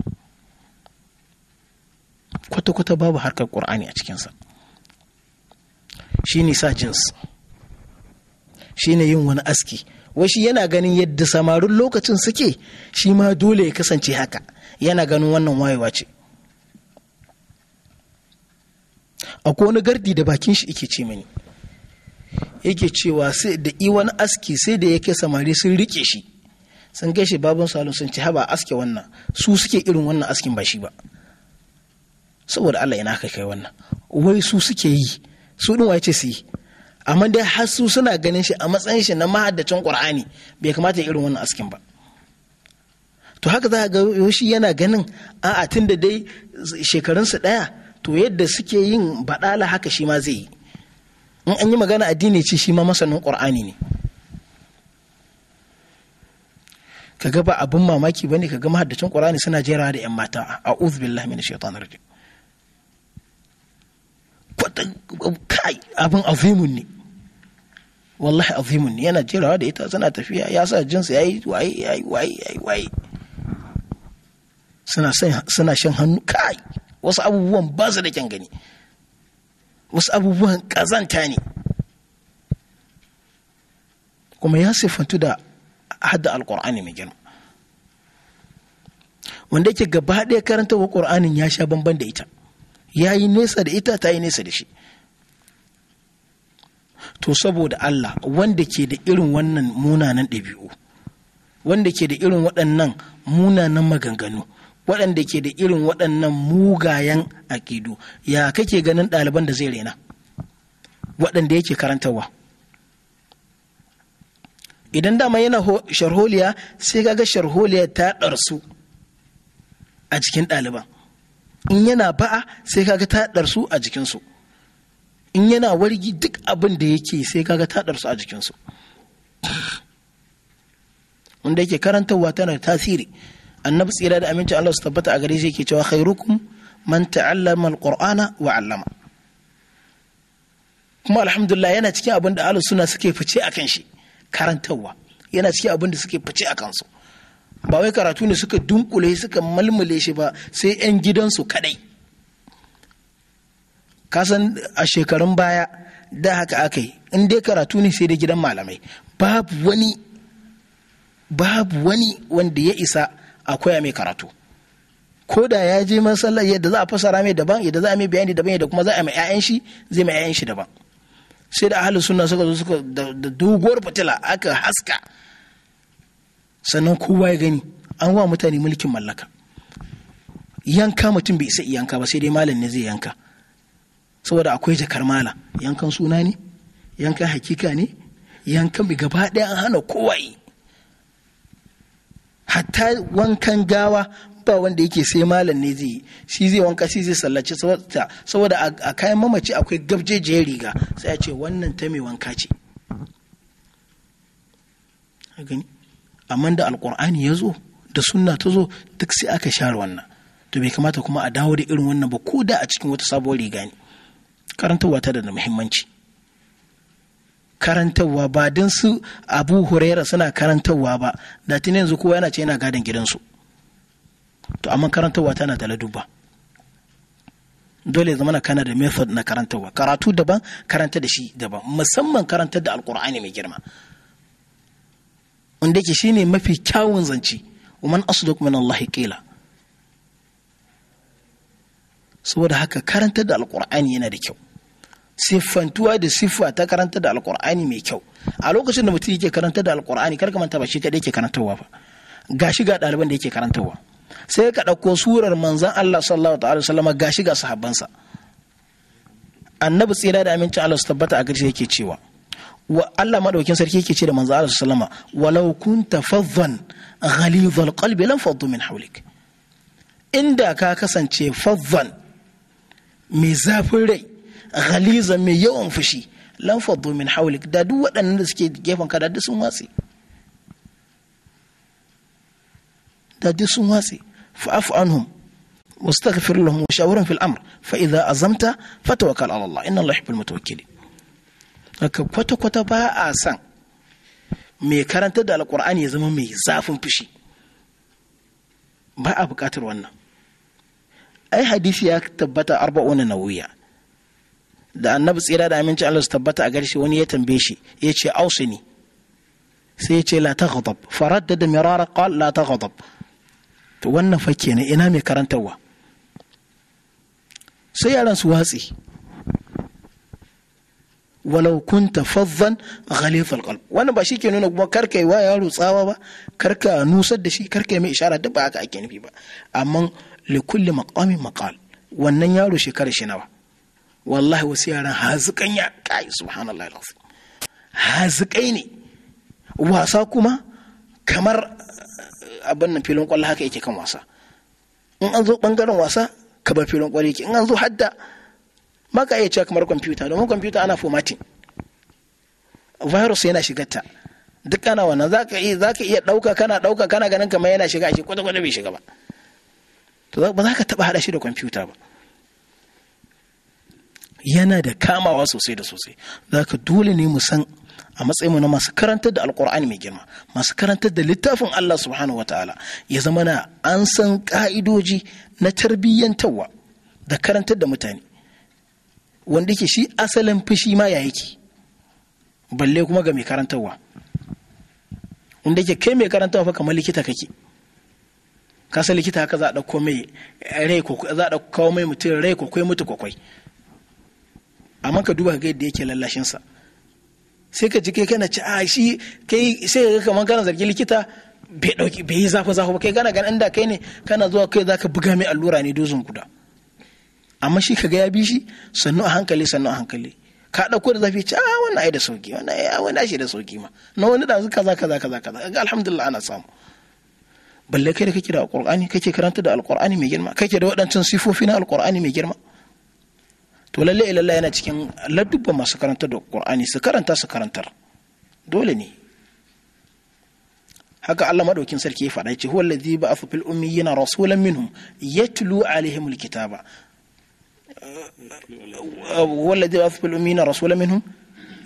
kwata-kwata babu harkar ƙur'ani a cikinsa shi ne sa jins shi ne yin wani aski shi yana ganin yadda samarin lokacin suke shi ma dole ya kasance haka yana ganin wannan wayewa ce akwai wani gardi da bakin shi ike ce mani yake cewa sai da i wani aski sai da yake samari sun rike shi sun kai shi babun salon sun ci haba aske wannan su suke irin wannan askin ba shi ba saboda Allah ina kai kai wannan wai su suke yi su din wace su yi amma dai har su suna ganin shi a matsayin shi na mahaddacin Qur'ani bai kamata irin wannan askin ba to haka za ga shi yana ganin a'a tun da dai shekarunsu ɗaya to yadda suke yin baɗala haka shi ma zai yi in an yi magana addini ce shi ma masanin ƙur'ani ne kaga ba abin mamaki ba ne ka kaga mahaddacin ƙur'ani suna jerawa da yan mata a uzbillah minash shaitan rajim kai abin azimun ne wallahi azimun ne yana jerawa da ita suna tafiya ya sa jinsu yayi waye yi waye yi waye suna shan hannu kai wasu abubuwan ba su da kyan gani wasu abubuwan ƙazanta ne kuma ya siffantu da hadda alƙur'ani mai girma wanda yake gaba ɗaya karanta wa ƙur'anin ya sha bamban da ita ya yi nesa da ita ta yi nesa da shi to saboda Allah wanda ke da irin wannan munanan ɗabi'u wanda ke da irin waɗannan munanan maganganu waɗanda ke da irin waɗannan mugayen kidu ya kake ganin ɗaliban da zai rena waɗanda yake karantarwa idan dama yana sharholiya sai kaga sharholiya ta ɗarsu a jikin ɗaliban in yana ba'a sai kaga ta ɗarsu a jikinsu in yana wargi duk abin da yake sai kaga ta ɗarsu a jikinsu wanda yake karantarwa tana tasiri annabi tsira da amincin Allah su tabbata a gare shi ke cewa khairukum man ta'allama alqur'ana wa 'allama kuma alhamdulillah yana cikin abin da ahlus suna suke fice a kan shi karantarwa yana cikin abin da suke fice a kansu ba wai karatu ne suka dunkule suka malmule shi ba sai yan gidansu kadai kasan a shekarun baya da haka aka yi in dai karatu ne sai dai gidan malamai babu wani babu wani wanda ya isa a koya mai karatu ko da ya je masallaci yadda za a fasara mai daban yadda za a mai bayani daban yadda kuma za a mai 'ya'yan shi zai mai 'ya'yan shi daban sai da ahalin suna suka zo suka da doguwar fitila aka haska sannan kowa ya gani an wa mutane mulkin mallaka yanka mutum bai isa yanka ba sai dai malam ne zai yanka saboda akwai jakar mala yankan suna ne yankan hakika ne yankan bi gaba ɗaya an hana kowa yi hatta wankan gawa ba wanda yake sai malam ne zai shi zai wanka shi zai sallace saboda a kayan mamaci akwai gabjejiyar riga sai a ce wannan ta mai wanka ce amma da alkur'ani ya zo da sunna ta zo duk sai aka share wannan to bai kamata kuma a dawo da irin wannan ba ko da a cikin wata sabuwar riga ne karantarwa ta da muhimmanci karantarwa ba don su abu huraira suna karantarwa ba da tun yanzu kowa yana ce yana gadon gidansu to amma karantarwa tana da laduba dole zama zamana kana da method na karantarwa karatu daban karanta da shi daban musamman karantar da alkur'ani mai girma wanda ke shine mafi kyawun zance ومن أصدق من الله قيلا saboda haka karantar da alkur'ani yana da kyau siffantuwa da siffa ta karanta da alkur'ani mai kyau a lokacin da mutum yake karanta da alkur'ani kar ka manta ba shi kadai yake karantarwa ba gashi ga ɗaliban da yake karantarwa sai ka ɗauko surar manzan Allah sallallahu alaihi sallama gashi ga sahabbansa annabi tsira da amincin Allah su tabbata a garshe yake cewa wa Allah madaukin sarki yake ce da manzan Allah sallama walau kunta fadhan ghalidhal qalbi lam faddu min hawlik inda ka kasance fadhan mai zafin rai ghaliza mai yawan fushi lan faddu min hawlik da duk waɗannan da suke gefen ka da duk sun watse da duk sun watse fa'afu anhum واستغفر لهم وشاورهم في الامر فاذا ازمت فتوكل على الله ان الله يحب المتوكلين haka kwata-kwata ba a san mai karanta da alkur'ani ya zama mai zafin fushi ba a bukatar wannan ai hadisi ya tabbata arba'una nawiya da annabi tsira da aminci Allah su tabbata a garshe wani ya tambaye shi ya ce ausini sai ya ce la ta ghadab faradda da mirara qal la ta ghadab to wannan fa kenan ina mai karantarwa sai yaran su watsi walau kunta fazzan ghalif alqalb wannan ba shi ke nuna kuma karka yi wa yaro tsawa ba karka nusar da shi karka yi mai ishara duk ba haka ake nufi ba amma likulli maqamin maqal wannan yaro shekara shi nawa wallahi wasu yaran hazikan ya kai subhanallah hazikai ne wasa kuma kamar eh, abin nan filin kwallo haka yake kan wasa in an zo bangaren wasa ka bar filin kwallo yake in an zo hadda ma ka iya cewa kamar kwamfuta domin kwamfuta ana formatting virus yana shigarta duk kana wannan za ka iya ɗauka kana ɗauka kana ganin kamar yana shiga a shi kwata-kwata bai shiga ba ba za ka taɓa haɗa shi da kwamfuta ba yana da kamawa sosai da sosai za ka dole ne mu san a matsayinmu na masu karantar da alkur'ani mai girma masu karantar da littafin Allah subhanahu wataala ya zama na an san ka'idoji na tarbiyyantarwa da karantar da mutane wanda ke shi asalin fushi ma ya yake balle kuma ga mai karantarwa wanda ke kai mai karantarwa fa kamar likita kake kasa likita haka za a ɗauko mai rai za mai mutum rai kwakwai mutu kwakwai amma ka duba ga yadda yake sa sai ka ji kai kana ci a shi kai sai ka kamar kana zargi likita bai dauki bai yi zafi zafi ba kai kana ganin da kai ne kana zuwa kai zaka buga mai allura ne dozin guda amma shi kaga ya bi shi sannu a hankali sannu a hankali ka dauko da zafi ci a wannan ai da sauki wannan ai wannan shi da sauki ma na wani da kaza kaza kaza kaza ga alhamdulillah ana samu balle kai da kake da alqur'ani kake karanta da alqur'ani mai girma kake da waɗancan sifofi na alqur'ani mai girma to lalle ilalla yana cikin ladubba masu karanta da qur'ani su karanta su karantar dole ne haka Allah madaukin sarki ya faɗa ce huwa allazi ba'atha fil ummiyina rasulan minhum yatlu alaihimul kitaba huwa allazi ba'atha fil ummiyina rasulan minhum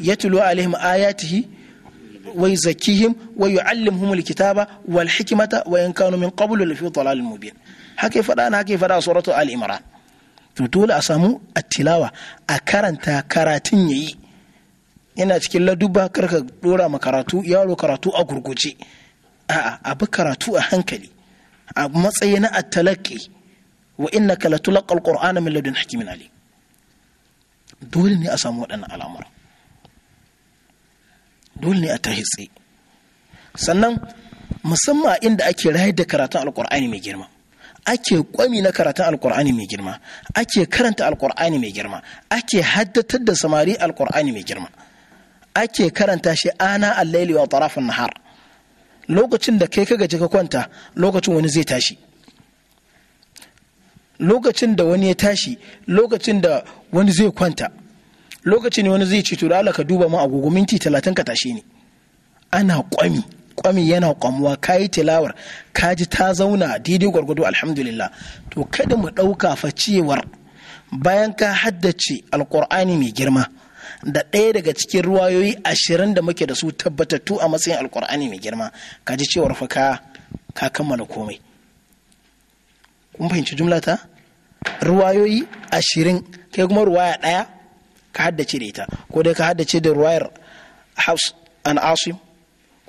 yatlu alaihim ayatihi wa yuzakkihim wa yu'allimuhumul kitaba wal hikmata wa in kanu min qablu lafi dhalalin mubin haka ya faɗa na haka ya faɗa suratul al-imran to dole a samu a tilawa a karanta karatun yayi yana cikin laduba karka dora ma karatu yaro karatu a gurguje a abu karatu a hankali a matsayi na atalaki wa inna ka latulaqa alqur'ana min ladun hakimin ali dole ne a samu waɗannan al'amura dole ne a tahitsi sannan musamman inda ake rayar da karatun alqur'ani mai girma ake kwami na karatun alkur'ani mai girma ake karanta alkur'ani mai girma ake haddatar da samari alkur'ani mai girma ake karanta shi ana allaili wa tarafin nahar lokacin da kai ka gaji ka kwanta lokacin wani zai tashi lokacin da wani ya tashi lokacin da wani zai kwanta lokacin wani zai ce turala ka duba mu agogo minti talatin ka tashi ne ana kwami kwami yana kwamuwa ka yi tilawar ka ji ta zauna daidai gwargwado alhamdulillah to kada mu ɗauka fa cewar bayan ka haddace alkur'ani mai girma da ɗaya daga cikin ruwayoyi ashirin da muke da su tabbatattu a matsayin alkur'ani mai girma ka ji cewar fa ka ka kammala komai kun fahimci jumla ta ruwayoyi ashirin kai kuma ruwaya ɗaya ka haddace da ita ko dai ka haddace da ruwayar house an asim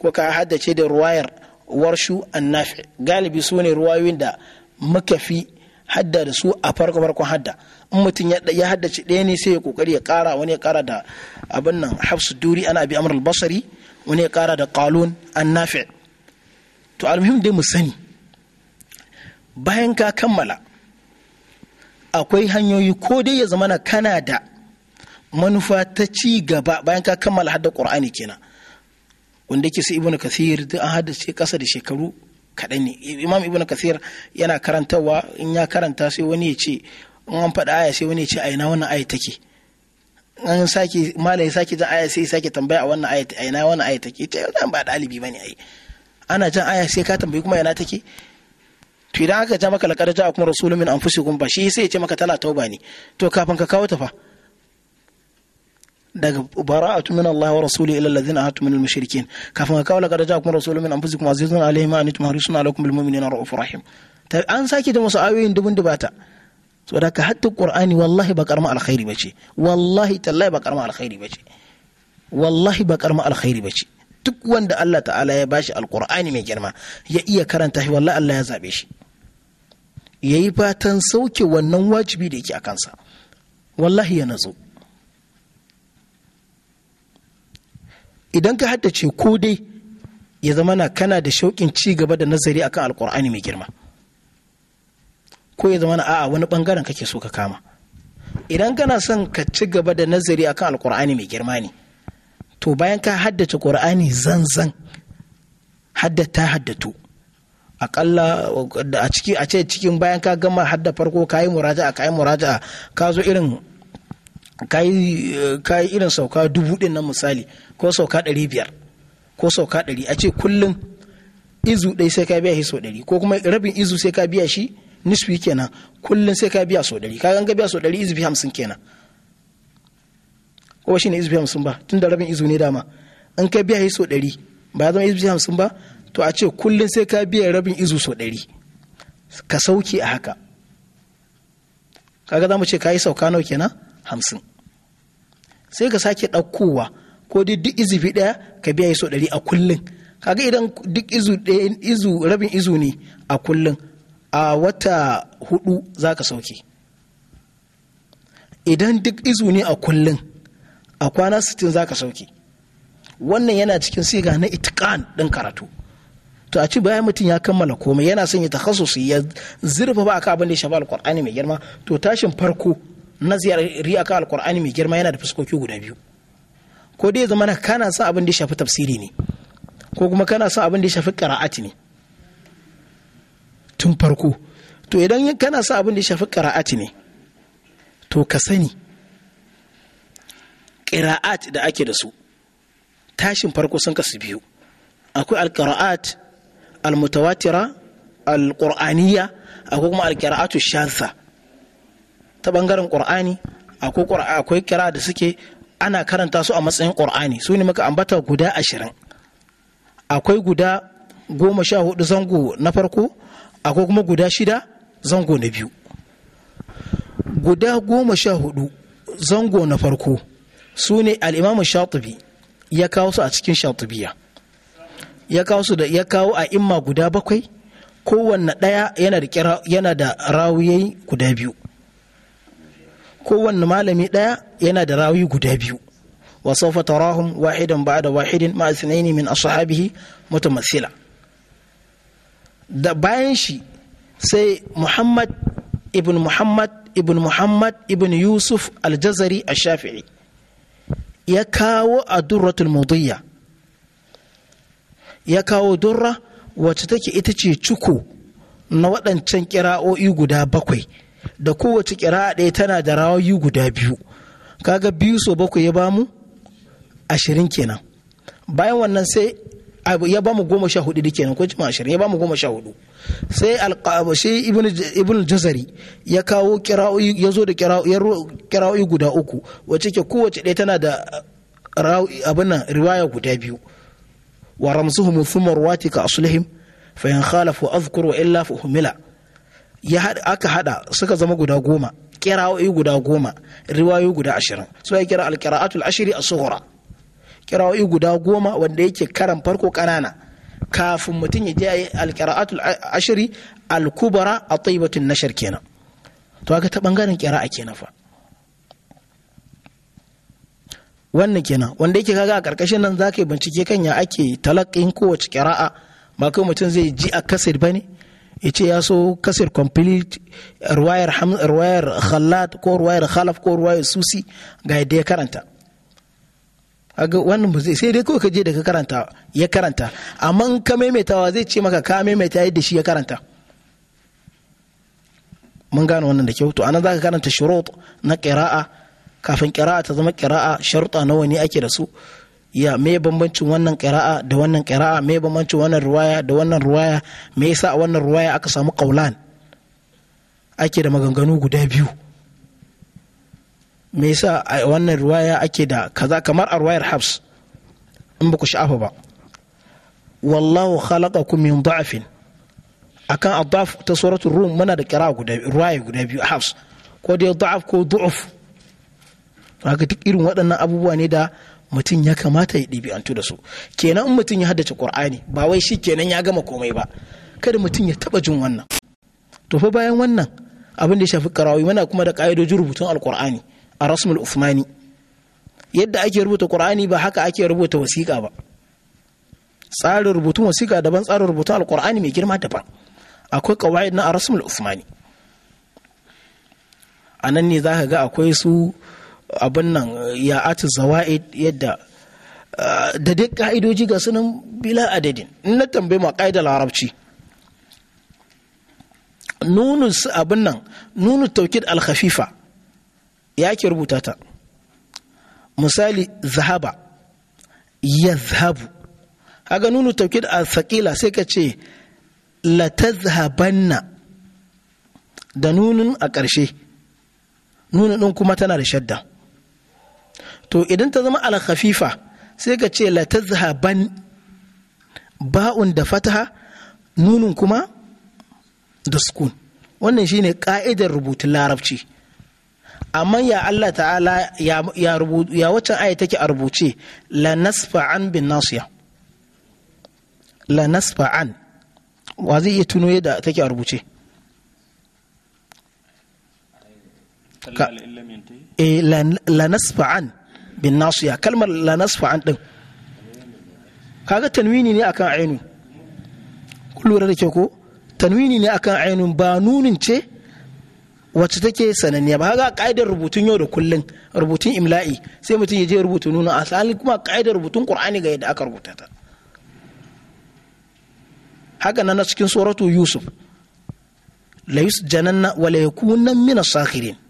ko ka haddace da ruwayar warshu annafi galibi su ne ruwayoyin da muka fi hadda da su a farko farkon hadda in mutum ya haddace ɗaya ne sai ya kokari ya kara wani ya kara da abin nan hafsu duri ana bi amr basari wani ya kara da qalun annafi to almuhim dai mu sani bayan ka kammala akwai hanyoyi ko dai ya zamana kana da manufa ta ci gaba bayan ka kammala hadda qur'ani kenan wanda yake su ibnu kathir duk an haddace kasa da shekaru kaɗan ne imam ibnu kathir yana karantarwa in ya karanta sai wani ya ce in an faɗa aya sai wani ya ce a ina wannan aya take an sake malai sake jan aya sai sake tambaya a wannan aya a ina wannan aya take ita yau ba ɗalibi ne ai ana jan aya sai ka tambayi kuma ina take to idan aka ja maka laqad kuma rasulun min anfusikum ba shi sai ya ce maka tana tauba ne to kafin ka kawo ta fa daga bara a tumin Allah wa rasuli ila ladin a tumin al-mushrikin kafin ka kawo laqad ja'akum rasulun min anfusikum azizun alayhi ma antum harisun alaykum bil mu'minina ra'ufur rahim an sake da musu ayoyin dubun dubata da ka hatta qur'ani wallahi ba karma alkhairi bace wallahi tallahi ba karma alkhairi bace wallahi ba karma alkhairi bace duk wanda Allah ta'ala ya bashi alqur'ani mai girma ya iya karanta shi wallahi Allah ya zabe shi yayi fatan sauke wannan wajibi da yake a kansa wallahi ya nazo idan ka haddace ko dai ya zama na kana da shauƙin ci gaba da nazari akan alkur'ani mai girma ko ya zama a'a wani bangaren kake so ka kama idan kana son ka ci gaba da nazari akan alkur'ani mai girma ne to bayan ka haddace qur'ani zanzan haddata haddatu akalla a a ce cikin bayan ka gama hadda farko kayi muraja'a kayi muraja'a ka zo irin ka yi irin sauka dubu ɗin nan misali ko sauka ɗari biyar ko sauka ɗari a ce kullum izu ɗai sai ka biya shi sau ɗari ko kuma rabin izu sai ka biya shi nisfi kenan kullum sai ka biya sau ɗari ka ganga biya sau ɗari izu biya hamsin kenan ko shi ne izu biya hamsin ba tun da rabin izu ne dama in ka biya shi sau ɗari ba ya zama izu biya hamsin ba to a ce kullum sai ka biya rabin izu sau ɗari ka sauki a haka kaga za mu ce ka yi sauka nawa kenan hamsin sai ka sake ɗaukowa ko duk izufi ɗaya ka biya ya ɗari a kullum kaga idan duk izu ɗaya izu rabin izu ne a kullum a wata hudu za ka sauke idan duk izu ne a kullum a kwana sittin za ka sauke wannan yana cikin siga na itikan ɗin karatu to a ci bayan mutum ya kammala komai yana son ya takhasusi ya zurfa ba a abin da ya shafi alkur'ani mai girma to tashin farko Na a akan alkur'ani mai girma yana da fuskoki guda biyu ko dai zama na kana sa abin da ya shafi tafsiri ne ko kuma kana sa abin da ya shafi qira'ati ne tun farko to idan kana sa abin da ya shafi qira'ati ne to ka sani qira'at da ake da su tashin farko sun kasu biyu akwai alqira'at almutawatira alqur'aniyya akwai kuma alqira'atu shadha ta bangaren qur'ani akwai kira da suke ana karanta su a matsayin ƙur'ani su ne muka ambata guda ashirin akwai guda goma sha hudu zango na farko akwai kuma guda shida zango na biyu guda goma sha hudu zango na farko su ne al'imamu shatubi ya kawo su a cikin shatubiya ya kawo su da ya kawo a imma guda bakwai kowanne ɗaya yana da rawiyayi guda biyu kowanne malami ɗaya yana da rawi guda biyu wa sawfa tarahum wahidan da wahidin ma min ashabihi mutamassila da bayan shi sai Muhammad ibn Muhammad ibn Muhammad ibn Yusuf Aljazari a shafii ya kawo a durratul mudiyya ya kawo durra wacce take ita ce cuku na waɗancan kira'o'i guda bakwai da kowace kira ɗaya tana da rawayu guda biyu kaga biyu so bakwai ya bamu ashirin kenan bayan wannan sai ya bamu goma sha hudu da kenan ko jima ashirin ya bamu goma sha hudu sai alƙabashi ibn jazari ya kawo ƙira'o'i ya zo da ƙira'o'i guda uku wacce ke kowace ɗaya tana da abin riwaya guda biyu wa ramsuhum thumma ruwatika aslihim fa in khalafu azkur wa illa fa humila ya aka hada suka zama guda goma kirawoyi guda goma riwayoyi guda ashirin su ya kira alkira'atul ashiri a suhura kirawoyi guda goma wanda yake karan farko kanana kafin mutum ya je alkira'atul ashiri alkubara a taibatun nashar kenan to taɓa ta bangaren kira'a kenan fa wannan kenan wanda yake kaga a karkashin nan za ka yi bincike kan ya ake talakin kowace kira'a ba kai mutum zai ji a kasir ba ne ya ce ya so kasir complete ruwayar ruwayar khallat ko ruwayar khalaf ko ruwayar susi ga yadda ya karanta aga wannan ba zai sai dai kawai ka je da ka karanta ya karanta amma ka maimaitawa zai ce maka ka maimaita yadda shi ya karanta mun gane wannan da kyau to anan zaka karanta shurut na qira'a kafin qira'a ta zama qira'a sharuta nawa ne ake da su ya me bambancin wannan ƙira'a da wannan ƙira'a me bambancin wannan ruwaya da wannan ruwaya me yasa a wannan ruwaya aka samu kaulan ake da maganganu guda biyu me yasa a wannan ruwaya ake da kaza kamar a ruwayar habs in ba ku sha'afa ba wallahu khalaqakum min da'afin akan adaf ta suratul rum muna da kira'a guda biyu ruwaya guda biyu habs ko dai da'af ko du'uf haka duk irin waɗannan abubuwa ne da mutum ya kamata ya ɗibi'antu da su kenan in mutum ya haddace ƙur'ani ba wai shi kenan ya gama komai ba kada mutum ya taba jin wannan to fa bayan wannan abin da ya shafi karawi muna kuma da ƙa'idojin rubutun alƙur'ani a rasmul usmani yadda ake rubuta ƙur'ani ba haka ake rubuta wasiƙa ba tsarin rubutun wasiƙa daban tsarin rubutun alƙur'ani mai girma daban akwai qawaid na a rasmul usmani a nan ne za ka ga akwai su abin nan ya ati zawa'id yadda ah, da duk ka'idoji ga sunan bila adadin in na tambaye ma ka'idar larabci nunu abin nan nunu taukid alhafifa ya ke rubuta ta misali zahaba ya zahabu haga nunu taukid al sai ka ce la tazhabanna da nunun a ƙarshe nunu ɗin kuma tana da shadda to idan ta zama alkhafifa sai ka ce la tazhaban ba'un da fataha nunun kuma da sukun wannan shine ka'idar rubutun larabci amma ya Allah ta'ala ya rubutu ya wacce aya take a rubuce la nasfa'an bin nasiya la nasfa'an wa zai iya tuno yadda take a rubuce eh, la nasfa'an bin nasiya kalmar la nasfa an din kaga tanwini ne akan ainu kun lura da ke ko tanwini ne akan ainu ba nunin ce wacce take sananniya ba haka ka'idar rubutun yau da kullun rubutun imla'i sai mutum ya je rubuta nuna asali kuma ka'idar rubutun qur'ani ga yadda aka rubuta ta haka nan cikin suratu yusuf la jananna wa la yakunan min as-sakhirin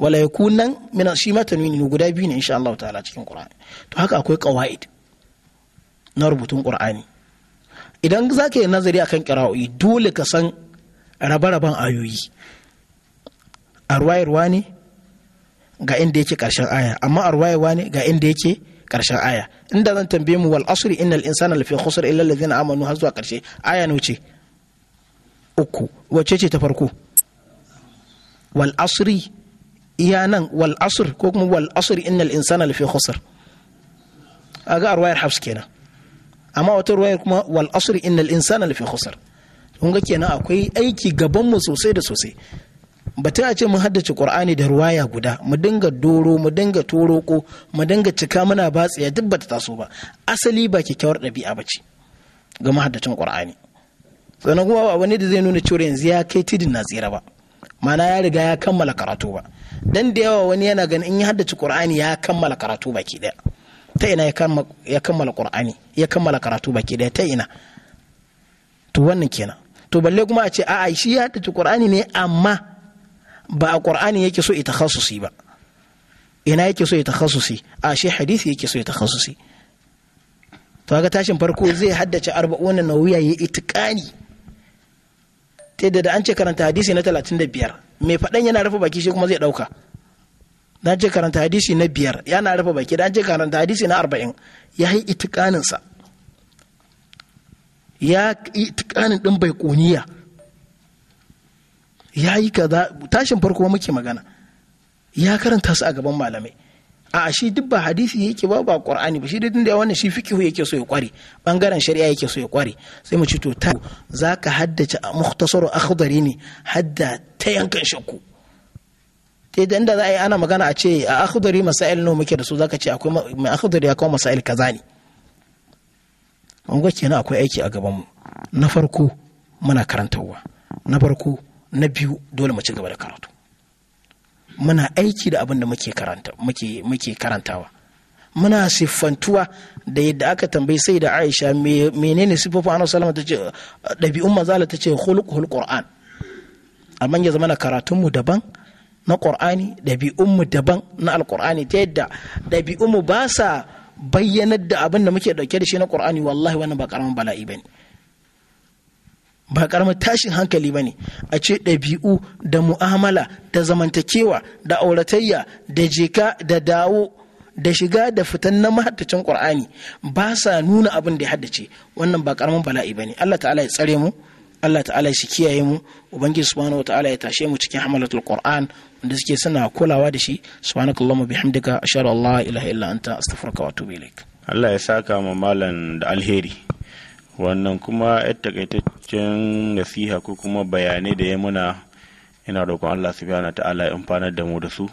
wala nan min shi ma tanwini ne guda biyu ne insha Allah ta'ala cikin Qur'ani to haka akwai qawaid na rubutun Qur'ani idan za ka yi nazari akan qira'o'i dole ka san rabe-raben ayoyi a ruwa ne ga inda yake karshen aya amma a ruwa ne ga inda yake karshen aya inda zan tambaye mu wal asri innal insana lafi khusr illa alladhina amanu har zuwa karshe aya ne wuce uku wacce ce ta farko wal asri iya nan wal asur ko kuma wal asr innal insana lafi khusr aga arwayar hafs kenan amma wata ruwayar kuma wal asr innal insana lafi khusr kun ga kenan akwai aiki gaban mu sosai da sosai batun a ce mun haddace qur'ani da ruwaya guda mu dinga doro mu dinga toroko mu dinga cika muna batsiya duk bata taso ba asali ba kyakkyawar ɗabi'a ba ce ga mahaddacin qur'ani sannan kuma ba wani da zai nuna cewa yanzu ya kai tidin na tsira ba mana ya riga ya kammala karatu ba dan da yawa wani yana ganin in ya haddace qur'ani ya kammala karatu baki daya ta ina ya kammala qur'ani ya kammala karatu baki daya ta ina to wannan kenan to balle kuma a ce a'a shi ya haddace qur'ani ne amma ba a qur'ani yake so ita khasusi ba ina yake so ita khasusi a shi hadisi yake so ita khasusi to ga tashin farko zai haddace arba'una nawiya ya itiqani ta yadda da an ce karanta hadisi na talatin da biyar mai faɗan yana rufe baki shi kuma zai ɗauka da ce karanta hadisi na biyar yana rufe baki da an ce karanta hadisi na arba'in ya yi itikaninsa ya yi itikanin ɗin bai kuniya ya yi kaza tashin farko muke magana ya karanta su a gaban malamai a shi duk ba hadisi yake ba ba qur'ani ba shi da tunda wannan shi fiqhu yake so ya kware bangaren shari'a yake so ya kware sai mu ci to ta zaka haddace mukhtasaru akhdari ne hadda ta yankan shakku ta idan da za a yi ana magana a ce a akhdari masail nawa muke da su zaka ce akwai mai akhdari ya kawo masail kaza ne mun ga kenan akwai aiki a gaban mu na farko muna karantarwa na farko na biyu dole mu ci gaba da karatu muna aiki da abin da muke karanta muke muke karantawa muna siffantuwa da yadda aka tambayi sai da Aisha menene siffofin Annabi sallallahu alaihi wasallam tace dabi'un ta ce khuluqul Qur'an amma ya zama karatun mu daban na Qur'ani dabi'un mu daban na alqur'ani ta yadda dabi'un mu ba sa bayyanar da abin da muke dauke da shi na Qur'ani wallahi wannan ba karamin bala'i bane ba karamar tashin hankali ba ne a ce ɗabi'u da mu'amala da zamantakewa da auratayya da jeka da dawo da shiga da fitan na mahaddacin ƙur'ani ba sa nuna abin da ya haddace wannan ba karamin bala'i ba ne allah ta'ala ya tsare mu allah ta'ala shi kiyaye mu ubangiji subhanahu wa ta'ala ya tashe mu cikin hamalatul qur'an wanda suke suna kulawa da shi subhanakallahumma bihamdika ashhadu an la ilaha illa anta astaghfiruka wa atubu ilaik allah ya saka ma malam da alheri wannan kuma ya takaitaccen nasiha ko kuma bayanai da ya muna ina roƙon Allah subhanahu ta'ala ya amfanar da mu da su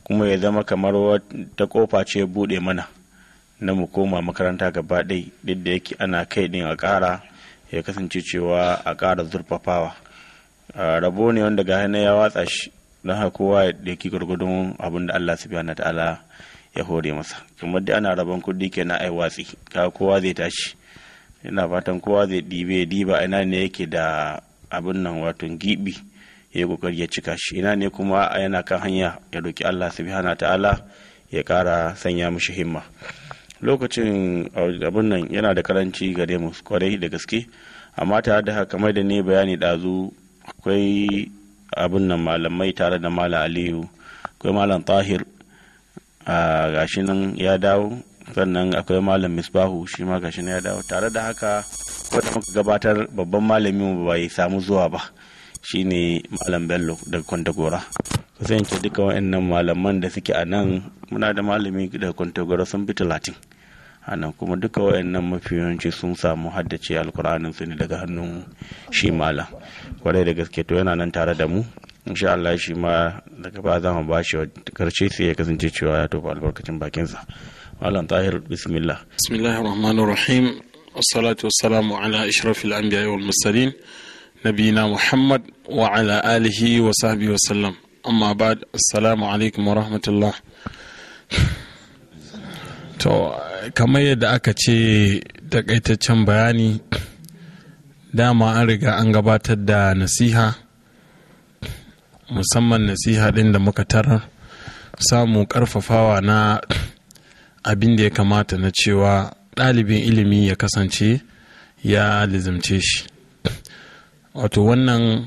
kuma ya zama kamar wata kofa ce buɗe mana na mu koma makaranta gaba ɗai duk da yake ana kai ɗin a ƙara ya kasance cewa a ƙara zurfafawa rabo ne wanda ga hana ya watsa shi don haka kowa da ki gurgudun abin da Allah subhanahu ta'ala ya hore masa kamar duk ana rabon kuɗi kenan ai watsi ka kowa zai tashi ina fatan kowa zai ya diba ina ne yake da abin nan wato gibi ya yi kokari ya cika shi ina ne kuma yana kan hanya ya roki Allah subhanahu ta'ala ya kara sanya mishi himma lokacin abin nan yana da karanci gare mu kwarai da gaske amma tare da haka mai da ne bayani ɗazu akwai abin nan malamai tare da malam aliyu akwai malam tahir a gashi nan ya dawo sannan akwai malam misbahu shi ma gashi na ya dawo tare da haka wata muka gabatar babban malamin bai samu zuwa ba shine malam bello daga kwantagora kasance duka wa'annan malaman da suke a nan muna da malami daga kwantagora sun bi talatin a nan kuma duka wa'annan mafi yawanci sun samu haddace alkur'anin su ne daga hannun shi malam kwarai da gaske to yana nan tare da mu insha Allah shi ma daga ba za mu bashi karshe sai ya kasance cewa ya tofa albarkacin bakinsa Malam Tahir bismillah. Bismillahir Rahmanir Rahim. Wassalatu wassalamu ala ashrafil anbiya'i wal mursalin nabiyina Muhammad wa ala alihi wa sahbihi wa Amma ba'd assalamu alaikum wa rahmatullah. To kamar yadda aka ce takaitaccen bayani dama an riga an gabatar da nasiha musamman nasiha ɗin da muka tarar samu ƙarfafawa na abin da ya kamata na cewa ɗalibin ilimi ya kasance ya lizimce shi wato wannan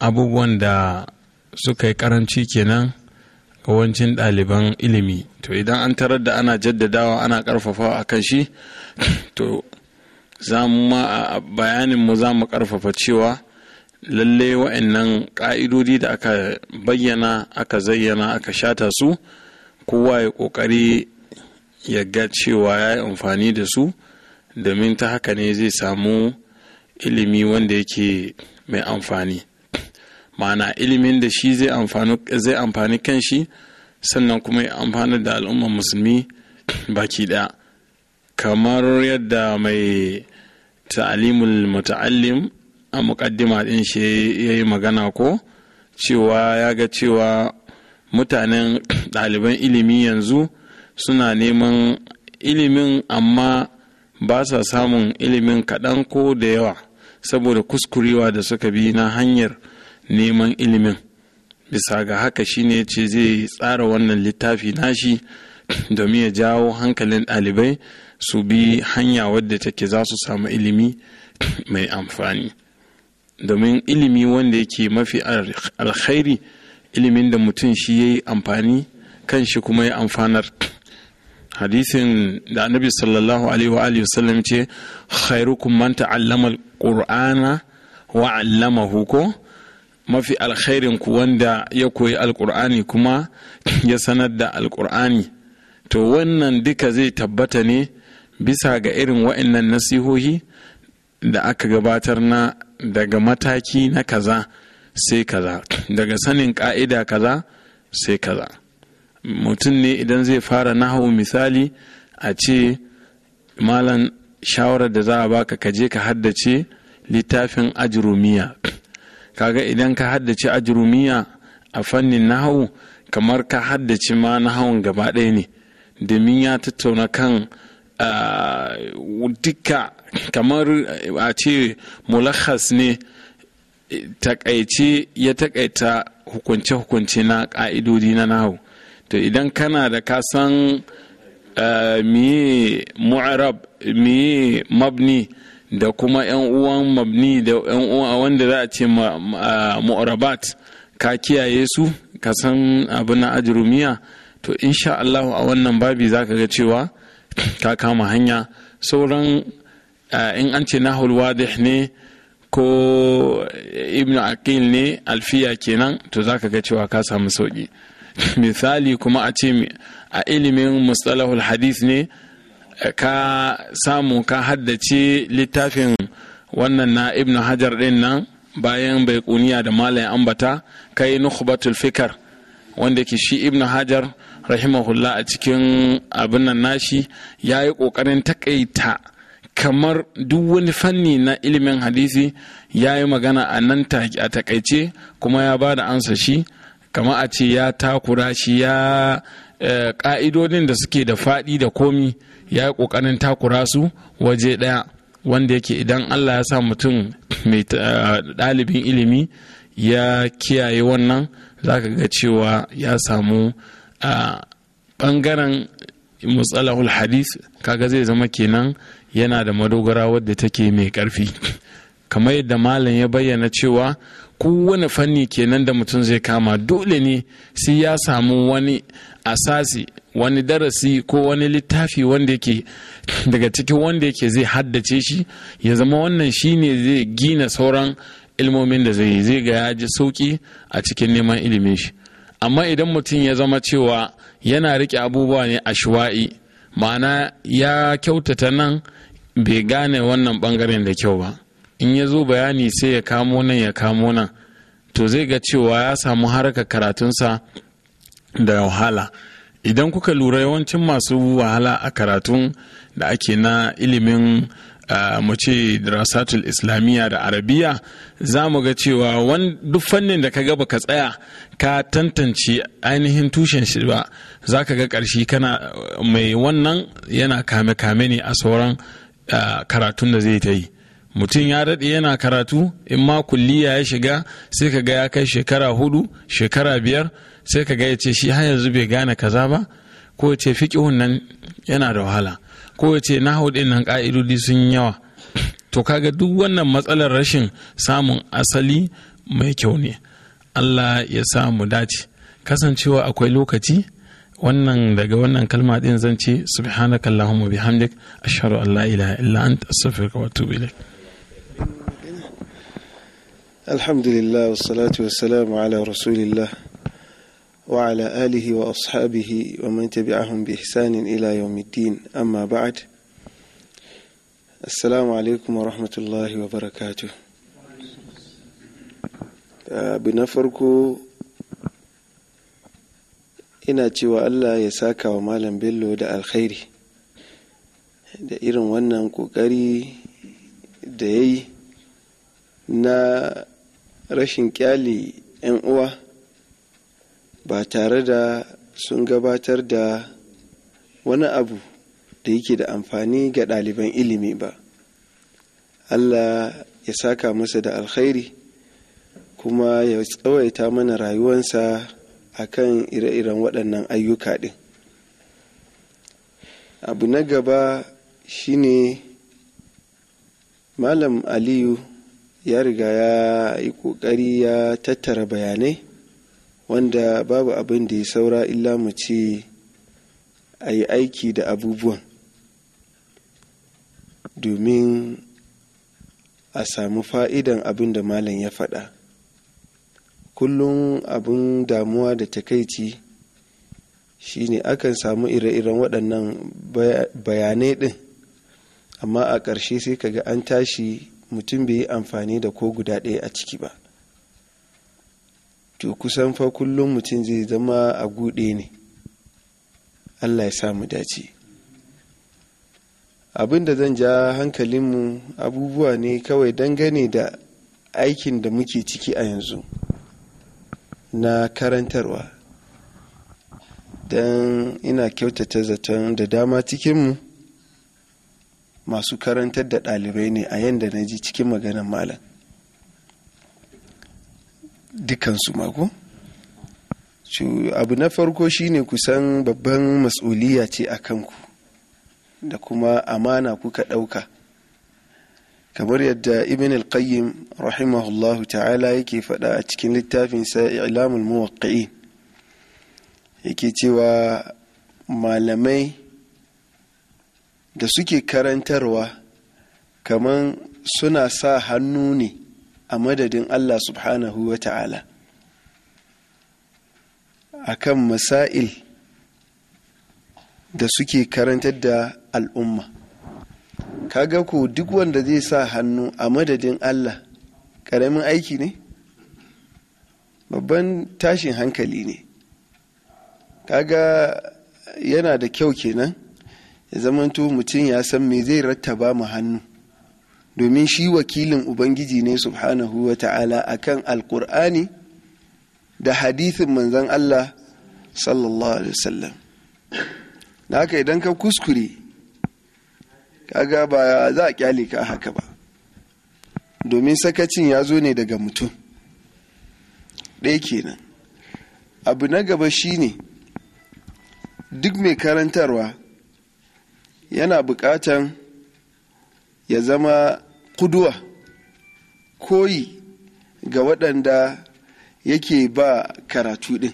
abubuwan da suka yi karanci kenan kawancin ɗaliban ilimi to idan an tarar da ana jaddadawa ana ƙarfafawa a kan shi to za a bayaninmu za mu ƙarfafa cewa lalle wa'annan ƙa'idodi da aka bayyana aka zayyana aka shata su kowa ya ƙoƙari ya cewa ya yi amfani da su domin ta haka ne zai samu ilimi wanda yake mai amfani ma'ana ilimin da shi zai amfani kan shi sannan kuma ya amfani da al'ummar musulmi baki ɗaya kamar yadda mai ta'alimul muta'allim a muƙaddima ɗin shi ya yi magana ko cewa ya ga cewa mutanen ɗaliban ilimi yanzu suna neman ilimin amma ba sa samun ilimin kaɗan ko da yawa saboda kuskurewa da suka bi na hanyar neman ilimin bisa ga haka shine ce zai tsara wannan littafi nashi domin ya jawo hankalin ɗalibai su bi hanya wadda take za su samu ilimi mai amfani domin ilimi wanda yake mafi alkhairi ilimin da mutum shi ya yi amfani kan shi kuma ya amfanar hadisin da annabi sallallahu alaihi wa alihi ce khairukum man ta'allama alqur'ana wa 'allamahu ko mafi alkhairin ku wanda ya koyi alqur'ani kuma ya sanar da alqur'ani to wannan duka zai tabbata ne bisa ga irin wa'annan nasihohi da aka gabatar na daga mataki na kaza sai kaza daga sanin ka'ida kaza sai kaza mutum ne idan zai fara nahu misali a ce malam shawarar da za a baka ka je ka haddace littafin ajirumiya kaga idan ka haddace ajurumiya a fannin nahawu kamar ka haddace ma nahawun gaba ɗaya ne domin ya tattauna kan duka kamar a ce mulakhas ne eh, takaice ya takaita hukunce-hukunce na ƙa'idodi na nahawu to idan kana da kasan eh, miye mu'arab miye mabni da kuma yan uwan mabni da yan uwan wanda za a ce mu'arabat ka kiyaye su ka san abu na ajrumiya to insha Allah a wannan babi za ka ga cewa ka kama hanya sauran eh, in an ce nahul wadih ne ko ibnu aqil ne alfiya kenan to za ka ga cewa ka samu sauki misali kuma a ce a ilimin mustalahul hadith ne ka samu ka haddace littafin wannan na ibn hajar din nan bayan bai kuniya da malayin ambata kai nukhbatul fikar wanda ke shi ibn hajar rahimahullah a cikin abin nashi ya yi ƙoƙarin takaita kamar duk wani fanni na ilimin hadisi ya yi magana a nan a takaice kuma ya ba da ansa shi kama a ce ya takura shi ya eh, ƙa'idodin da suke da faɗi da komi ya yi ƙoƙarin takura su waje ɗaya wanda yake idan allah ya sa mutum mai eh, ɗalibin ilimi ya kiyaye wannan za ka ga cewa ya samu a eh, ɓangaren matsalahul hadis kaga zai zama kenan yana da madogara wadda take mai ƙarfi kamar yadda malam ya bayyana cewa kowane fanni kenan da mutum zai kama dole ne sai ya samu wani asasi wani darasi ko wani littafi wanda yake daga cikin wanda yake zai haddace shi ya zama wannan shi ne zai gina sauran ilmomin da zai zai ga ya ji sauki a cikin neman ilimin shi amma idan mutum ya zama cewa yana rike abubuwa ne a shuwa'i ma'ana ya kyautata nan bai gane wannan bangaren da kyau ba in ya zo bayani sai ya kamo nan ya kamo nan to zai ga cewa ya samu harkar karatunsa da wahala idan kuka lura yawancin masu wahala a karatun da ake na ilimin mu ce islamiyya da arabiya za mu ga cewa duk fannin da ka gaba ka tsaya ka tantance ainihin tushen shi ba za ka ga ƙarshe kana mai wannan yana kame-kame ne a sauran karatun da zai ta yi mutum ya daɗe yana karatu in ma kulliya ya shiga sai ka ga ya kai shekara hudu shekara biyar sai ka ga ya ce shi har yanzu bai gane kaza ba ko ya ce fiƙihun nan yana da wahala ko ya ce na ɗin nan ƙa'idodi sun yi yawa to kaga duk wannan matsalar rashin samun asali mai kyau ne allah ya sa mu dace kasancewa akwai lokaci wannan daga wannan kalma din zan ce subhanakallahumma bihamdik ashhadu an la ilaha illa anta astaghfiruka wa atubu ilaik الحمد لله والصلاة والسلام على رسول الله وعلى آله وأصحابه ومن تبعهم بإحسان إلى يوم الدين أما بعد السلام عليكم ورحمة الله وبركاته آه، بنفركو إن cewa Allah ya ومالا wa Malam Bello da alkhairi da irin da ya yi na rashin kyale 'yan uwa ba tare da sun gabatar da wani abu da yake da amfani ga ɗaliban ilimi ba allah ya saka masa da alkhairi kuma ya tsawaita mana rayuwansa a kan ire-iren waɗannan ayyuka ɗin abu na gaba shine malam aliyu ya riga ya yi kokari ya tattara bayanai wanda babu abin da ya saura illa mu ce a yi aiki da abubuwan domin a samu fa'idan abin da malam ya faɗa kullum abin damuwa da takaici shine akan samu ire-iren waɗannan bayanai ɗin amma a ƙarshe sai kaga an tashi mutum bai yi amfani da ko guda ɗaya a ciki ba to kusan fa kullum mutum zai zama a guɗe ne allah ya samu dace abin da zan ja hankalinmu abubuwa ne kawai dangane da aikin da muke ciki a yanzu na karantarwa don ina kyautata zaton da dama cikinmu masu karantar da ɗalibai ne a yadda na ji cikin maganar malam dukansu mako abu na farko shine kusan babban mas'uliya ce a kanku da kuma amana kuka ɗauka kamar yadda ibn al-qayyim rahimahullahu ta'ala yake faɗa a cikin littafinsa ilamul mawaƙa'i yake cewa malamai da suke karantarwa kamar suna sa hannu ne a madadin Allah subhanahu wa ta'ala a kan masail da suke karantar da al'umma kaga ko duk wanda zai sa hannu a madadin Allah karamin aiki ne babban tashin hankali ne kaga yana da kyau kenan ya zamanto mutum ya san me zai rattaba mu hannu domin shi wakilin ubangiji ne subhanahu wa ta'ala akan alƙur'ani da hadithin manzan Allah sallallahu alaihi wasallam da haka idan ka kuskure kaga ba za a kyale ka haka ba domin sakacin ya zo ne daga mutum ɗaya kenan abu na gaba shine duk mai karantarwa yana buƙatan ya zama kuduwa koyi ga waɗanda yake ba karatu ɗin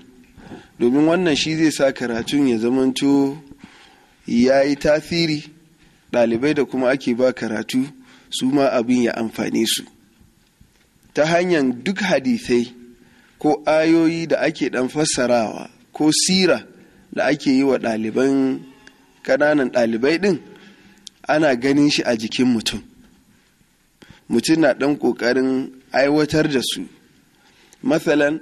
domin wannan shi zai sa karatun ya zamanto ya yi tasiri ɗalibai da kuma ake ba karatu su ma abin ya amfane su ta hanyar duk hadisai ko ayoyi da ake ɗan fassarawa ko sira da ake yi wa ɗaliban kananan ɗalibai ɗin ana ganin shi a jikin mutum mutum na ɗan ƙoƙarin aiwatar da su matsalan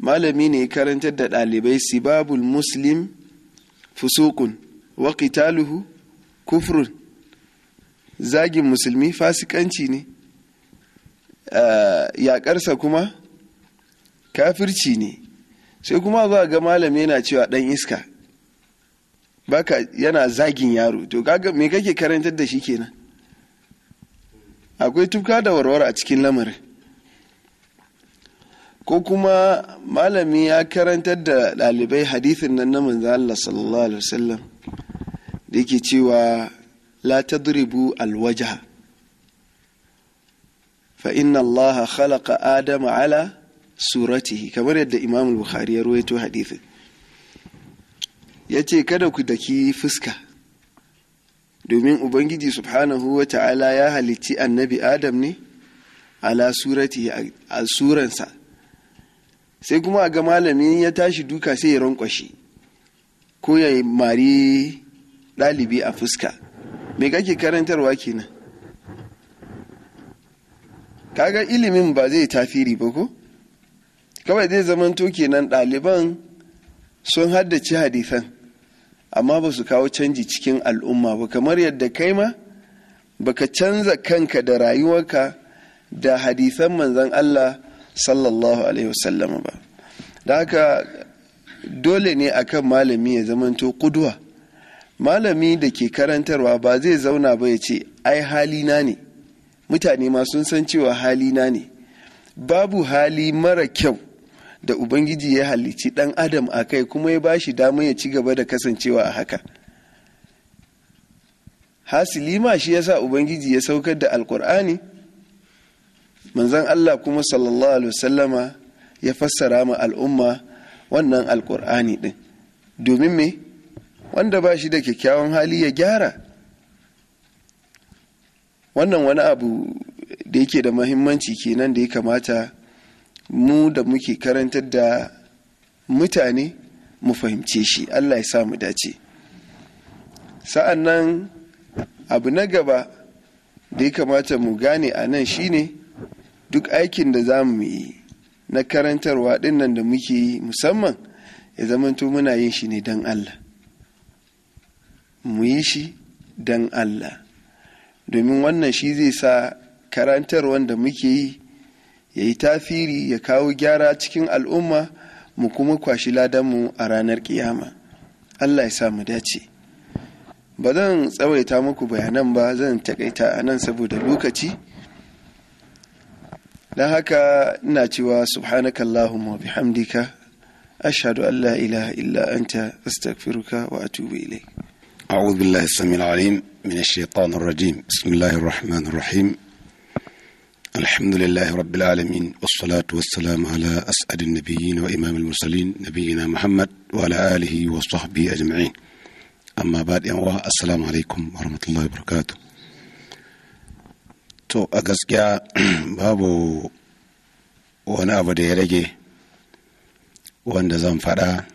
malami ne karantar da ɗalibai sibabul muslim fusukun wa qitaluhu kufrun zagin musulmi fasikanci ne eh, yaƙarsa kuma kafirci ne sai kuma zuwa ga malami yana cewa ɗan iska baka yana zagin yaro to kaga me kake karantar da shi kenan akwai tuka da warware a cikin lamarin ko kuma malami ya karantar da ɗalibai hadithin nan na manzo Allah sallallahu alaihi wasallam da yake cewa la tadribu alwajha fa inna Allah khalaqa adama ala suratihi kamar yadda Imam Bukhari ya ruwaito hadithin ya ce kada ku daki fuska domin ubangiji subhanahu wa ta'ala ya halicci annabi adam ne ala surati a suransa sai kuma a ga malami ya tashi duka sai ya ronkwashi ko ya mari ɗalibi a fuska me kake karantarwa kenan kaga ilimin ba zai tafiri ba ko kawai zai zamanto kenan ɗaliban sun haddace hadisan amma ba su kawo canji cikin al'umma ba kamar yadda kai ma baka canza kanka da rayuwarka da hadisan manzan Allah sallallahu alaihi wasallam ba da haka dole ne akan malami ya zamanto kuduwa malami da ke karantarwa ba zai zauna ba ya ce ai halina ne mutane ma sun san cewa halina ne babu hali mara kyau da ubangiji ya halicci ɗan adam a kai kuma ya ba shi damar ya ci gaba da kasancewa a haka ma shi yasa ubangiji ya saukar da alkur'ani manzan allah kuma sallallahu alaihi wasallama ya fassara ma al'umma wannan Alƙur'ani ɗin domin me wanda ba shi da kyakkyawan hali ya gyara wannan wani abu da yake da mahimmanci kenan da ya kamata mu da muke karantar da mutane mu fahimce shi allah ya sa mu dace sa'an nan abu na gaba da ya kamata mu gane a nan shine duk aikin da za mu yi na karantarwa dinnan da muke yi musamman ya zamanto muna yin shi ne don allah mu yi shi don allah domin wannan shi zai sa karantarwan da muke yi ya yi tafiri ya kawo gyara cikin al'umma mu kuma kwashi ladanmu a ranar kiyama allah ya sa mu dace ba zan tsawaita muku bayanan ba zan takaita a nan saboda lokaci don haka ina cewa subhanakallahumma bihamdika ashhadu an la ilaha illa anta astaghfiruka wa atubu ilayk أعوذ بالله السميع العليم من الشيطان الرجيم بسم الله الرحمن الرحيم الحمد لله رب العالمين والصلاة والسلام على أسعد النبيين وإمام المرسلين نبينا محمد وعلى آله وصحبه أجمعين أما بعد يا السلام عليكم ورحمة الله وبركاته to a gaskiya babu wani abu da ya rage wanda zan faɗa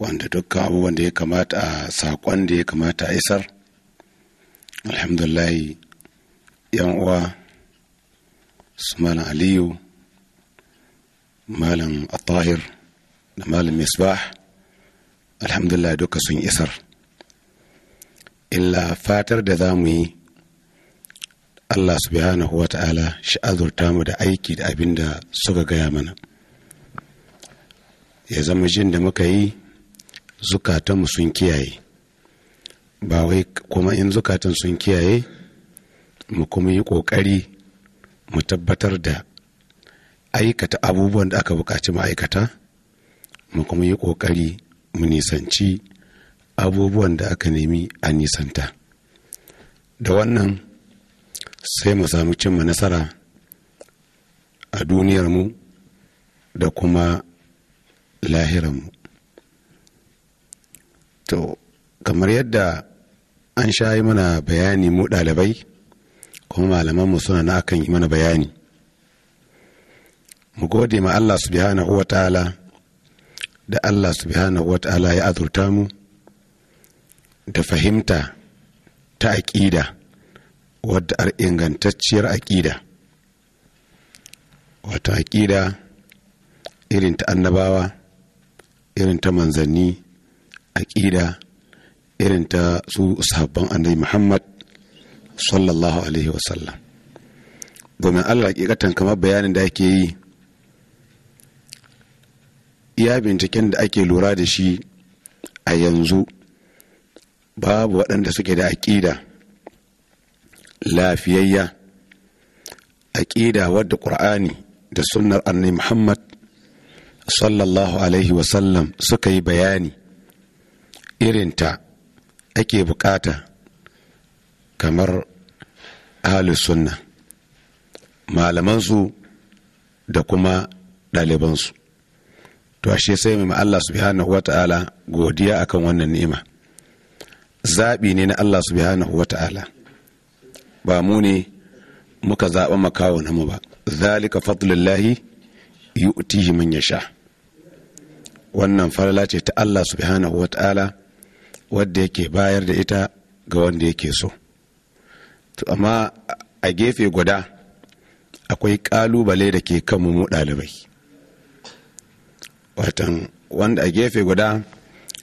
wanda dukkan abubuwan da ya kamata a saƙon da ya kamata a isar alhamdulahi yan uwa su malam aliyu malam atahir da malam misbah alhamdulillah duka sun isar illa fatar da za mu yi allah subhanahu wa ta'ala shi azurta mu da aiki da abin da suka gaya mana ya zama jin da muka yi zukatanmu sun kiyaye ba wai kuma in zukatan sun kiyaye mu kuma yi ƙoƙari mu tabbatar da aikata abubuwan da aka buƙaci ma'aikata mu kuma yi ƙoƙari mu nisanci abubuwan da aka nemi a nisanta da wannan sai mu samu cimma nasara a duniyarmu da kuma mu to kamar yadda an sha yi mana bayani mu ɗalibai kuma malaman mu suna na akan yi mana bayani mu gode ma Allah subhanahu wa ta'ala da Allah subhanahu wa ta'ala ya azurta mu da fahimta ta aƙida wadda ar ingantacciyar aƙida wata aƙida irin ta annabawa irin ta manzanni aƙida irin ta su sahabban annabi muhammad sallallahu alaihi wasallam domin allah hakikatan kamar bayanin da ake yi ya binciken da ake lura da shi a yanzu babu waɗanda suke da aƙida lafiyayya aƙida wadda ƙur'ani da sunnar annai muhammad sallallahu alaihi wasallam suka yi bayani irinta ake bukata kamar ahalus sunna malamansu da kuma ɗalibansu to ashe sai mai Allah subhanahu wa ta'ala godiya akan wannan ni'ima zaɓi ne na Allah subhanahu wa ta'ala ba mu ne muka zaɓa makawo na mu ba zalika fadlullahi yu'tihi man yasha wannan falala ce ta Allah subhanahu wa ta'ala wadda yake bayar da ita ga wanda yake so amma a gefe guda akwai kalubale da ke kanmu mu ɗalibai watan wanda a gefe guda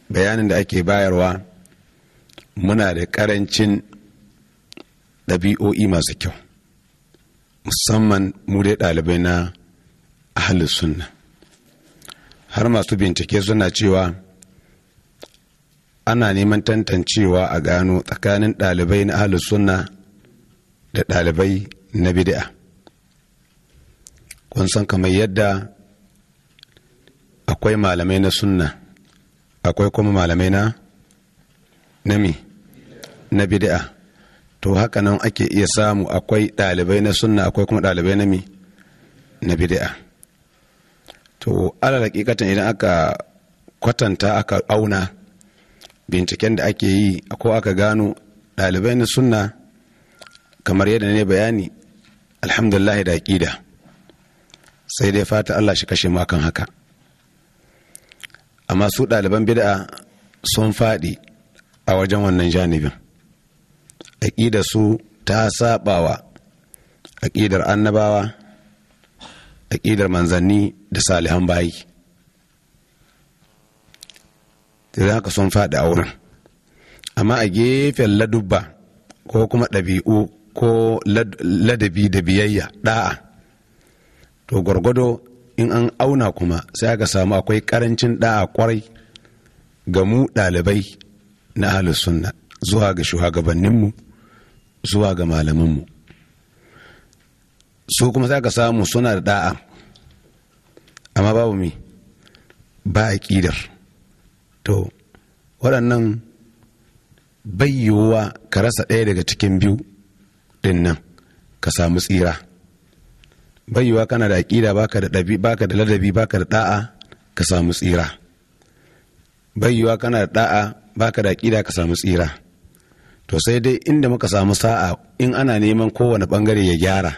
bayanin da ake bayarwa muna da karancin ɗabi'o'i masu kyau musamman mu dai ɗalibai na ahalin sunna har masu bincike suna cewa ana neman tantancewa a gano tsakanin ɗalibai na ahalin sunna da ɗalibai na bid'a kun san kamar yadda akwai malamai na sunna akwai kuma malamai na nami na bid'a to haka nan ake iya samu akwai ɗalibai na sunna akwai kuma ɗalibai na mi na bid'a to alal hakikatan idan aka kwatanta aka auna binciken da ake yi ko aka gano ɗalibai na sunna kamar yadda ne bayani alhamdulillah da aƙida sai dai fata Allah shi kashe makan haka amma su ɗaliban bid'a sun faɗi a wajen wannan janibin aƙida su ta saɓawa aƙidar annabawa aƙidar manzanni da salihan bayi idan haka sun faɗi a wurin amma a gefen ladubba ko kuma ɗabi'u ko ladabi da biyayya da'a to gwargwado in an auna kuma sai aka samu akwai karancin da'a kwarai ga mu ɗalibai na ahlus sunna zuwa ga shugabanninmu zuwa ga malamanmu su kuma sai aka samu suna da da'a amma babu mai ba a kidar to waɗannan bayyuwa ka rasa ɗaya daga cikin biyu din nan ka samu tsira baiwa kana da aƙida baka da ɗabi baka da ladabi baka da ɗa'a ka samu tsira baiwa kana da ɗa'a baka da aƙida ka samu tsira to sai dai inda muka samu sa'a in ana neman kowane bangare ya gyara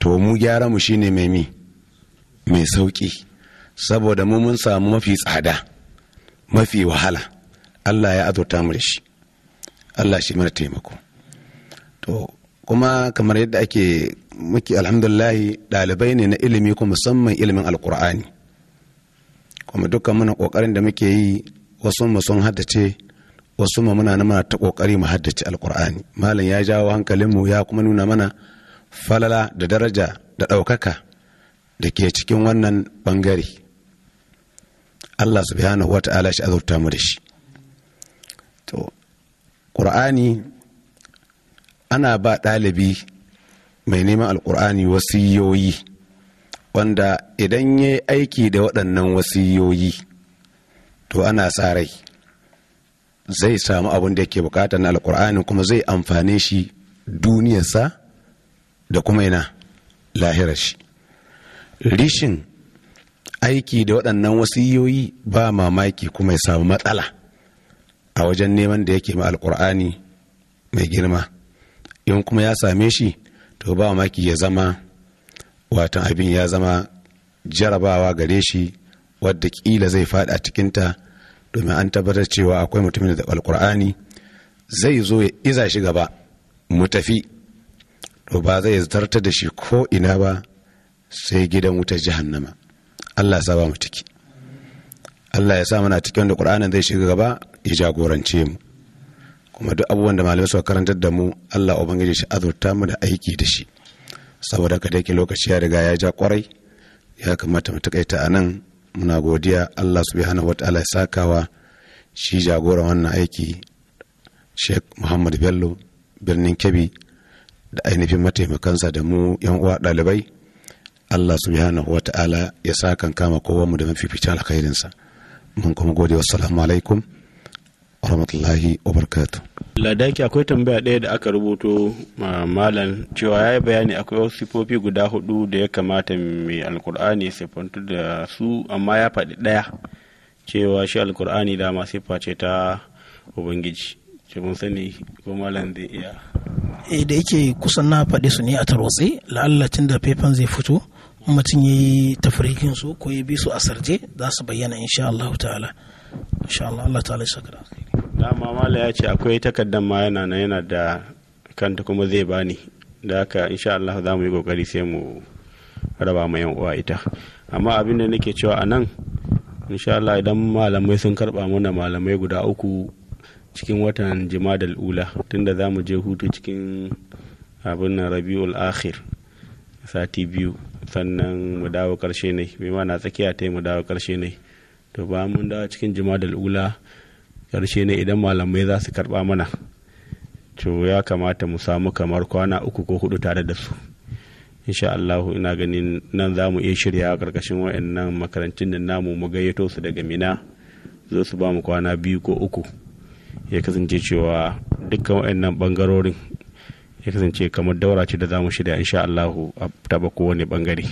to mu gyara mu shine mai mi mai sauki saboda mu mun samu mafi tsada mafi wahala Allah ya azurta mu da shi Allah shi mana taimako to kuma kamar yadda ake muke alhamdulillahi dalibai ne na ilimi kuma musamman ilimin alkur'ani kuma dukkan muna ƙoƙarin da muke yi wasu mu sun haddace wasu mu muna nuna ta ƙoƙari mu haddace alkur'ani malam ya jawo hankalinmu ya kuma nuna mana falala da daraja da ɗaukaka da ke cikin wannan ɓangare allah subhanahu wa ta'ala shi azurta mu da shi to qur'ani ana ba ɗalibi mai neman alkur'ani wasiyoyi wanda idan ya yi aiki da waɗannan wasiyoyi to ana sa rai zai samu abin da yake bukata na alkur'ani kuma zai amfane shi duniyarsa da kuma yana lahirar shi rishin aiki da waɗannan wasiyoyi ba mamaki kuma ya samu matsala a wajen neman da yake ma alkur'ani mai girma in kuma ya same shi to ba maki ya zama watan abin ya zama jarabawa gare shi wadda kila zai faɗi a cikinta domin an tabbatar cewa akwai mutumin da alkur'ani zai zo ya iza shi gaba mu tafi to ba zai zartar da shi ko ina ba sai gidan wutar jahannama allah ya ba mu ciki allah ya sa mana cikin da ƙur'anin zai shiga gaba ya jagorance mu kuma duk abubuwan da malamai suka karantar da mu Allah ubangiji shi azurta mu da aiki da shi saboda ka dake lokaci ya riga ya ja kwarai ya kamata mu takaita a nan muna godiya Allah subhanahu wataala ya sakawa shi jagoran wannan aiki Sheikh Muhammad Bello birnin Kebbi da ainihin mataimakansa da mu yan uwa dalibai Allah subhanahu wataala ya sa kan kama kowa mu da mafificin alkhairinsa mun kuma gode wassalamu alaikum rahmatullahi wa barakatuh ladaki akwai tambaya ɗaya da aka rubuto malam cewa ya yi bayani akwai wasu sifofi guda hudu da ya kamata mai alkur'ani ya siffantu da su amma ya faɗi ɗaya cewa shi alkur'ani dama siffa ce ta ubangiji ce mun sani ko malam zai iya e da yake kusan na faɗi su ne a tarwatse la'allacin da faifan zai fito mutum ya yi tafarikin su ko ya bi su a sarje za su bayyana insha Allah ta'ala insha Allah ta'ala shakara dama mala ya ce akwai takardar ma yana nan yana da kanta kuma zai bani da haka insha Allah za mu yi kokari sai mu raba ma yan uwa ita amma abin da nake cewa a nan insha Allah idan malamai sun karba mana malamai guda uku cikin watan jimadal ula tunda za mu je hutu cikin abin na rabiul akhir sati biyu sannan mu dawo karshe ne bai mana tsakiya ta mu dawo karshe ne to ba mun dawo cikin jimadal ula karshe ne idan malamai za su karba mana to ya kamata mu samu kamar kwana uku ko hudu tare da su insha Allah ina ganin nan za mu iya shirya a karkashin waannan makarantun da namu mu gayyato su daga mina zo su ba mu kwana biyu ko uku ya kasance cewa dukkan nan bangarorin ya kasance kamar daura ce da za mu shirya insha Allah a taba kowane bangare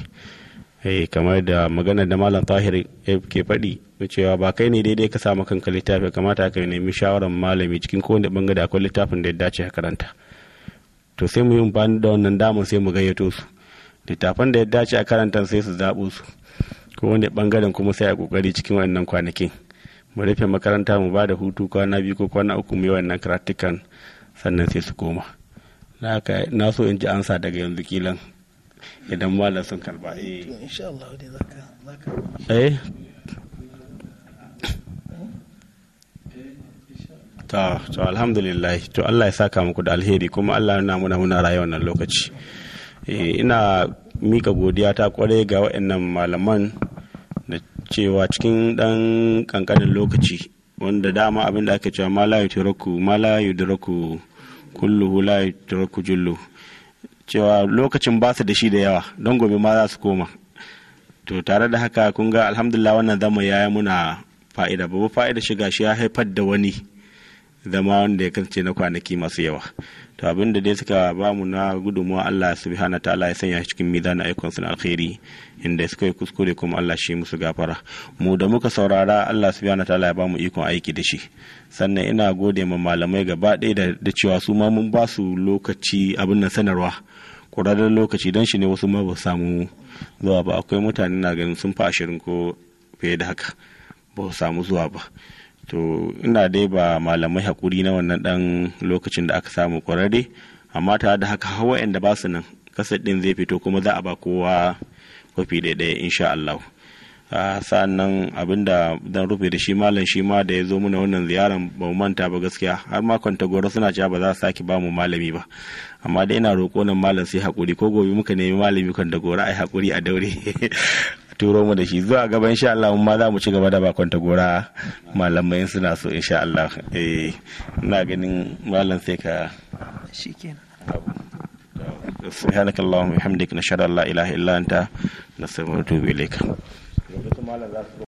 eh, kamar da magana da malam tahir ke faɗi cewa ba kai ne daidai ka samu kanka littafi kamata ka nemi shawarar malami cikin kowane bangare akwai littafin da ya dace a karanta to sai mu yi bani da wannan damar sai mu gayyato su littafan da ya dace a karanta sai su zaɓo su kowane bangaren kuma sai a kokari cikin wannan kwanakin mu rufe makaranta mu ba da hutu kwana biyu ko kwana uku mu yi wannan karatukan sannan sai su koma na so in ji ansa daga yanzu kilan idan malam sun karba eh ta to alhamdulillah to Allah ya saka muku da alheri kuma Allah ya muna muna rayuwa wannan lokaci eh, ina mika godiya ta kwarai ga waɗannan malaman da cewa cikin ɗan ƙanƙanin lokaci wanda dama abin da aka cewa mala turaku mala yudiraku kullu la turaku jullu cewa lokacin ba su da shi da yawa don gobe ma za su koma to tare da haka kun ga alhamdulillah wannan zama ya yi muna fa'ida babu fa'ida shiga shi ya haifar da wani zama wanda ya kasance na kwanaki masu yawa to abin da dai suka ba mu na gudunmuwa Allah subhanahu ta'ala ya sanya cikin mizanin aikon sun alkhairi inda suka yi kuskure kuma Allah shi musu gafara mu da muka saurara Allah subhanahu ta'ala ya ba mu ikon aiki da shi sannan ina gode ma malamai gaba ɗaya da cewa su ma mun ba su lokaci abin nan sanarwa kurarar lokaci don shi ne wasu ma ba samu zuwa ba akwai mutane na ganin sun fi ashirin ko fiye da haka ba su samu zuwa ba to ina dai ba malamai haƙuri na wannan dan lokacin da aka samu ƙwararre amma tare da haka hawa da ba su nan kasar ɗin zai fito kuma za a ba kowa kwafi ɗaya insha Allah sa'annan da zan rufe da shi malam shi ma da ya zo mana wannan ziyarar ba mu manta ba gaskiya har ma kwanta gora suna cewa ba za su sake ba mu malami ba amma dai ina roƙo nan malam sai hakuri ko gobe muka nemi malami kwanta gora ai hakuri a daure turo mu da shi zuwa gaban insha Allah mun ma za mu ci gaba da bakon ta gora malamai suna so insha Allah eh ina ganin malam sai ka shikenan سبحانك اللهم وبحمدك نشهد ان لا اله الا انت نستغفرك ونتوب اليك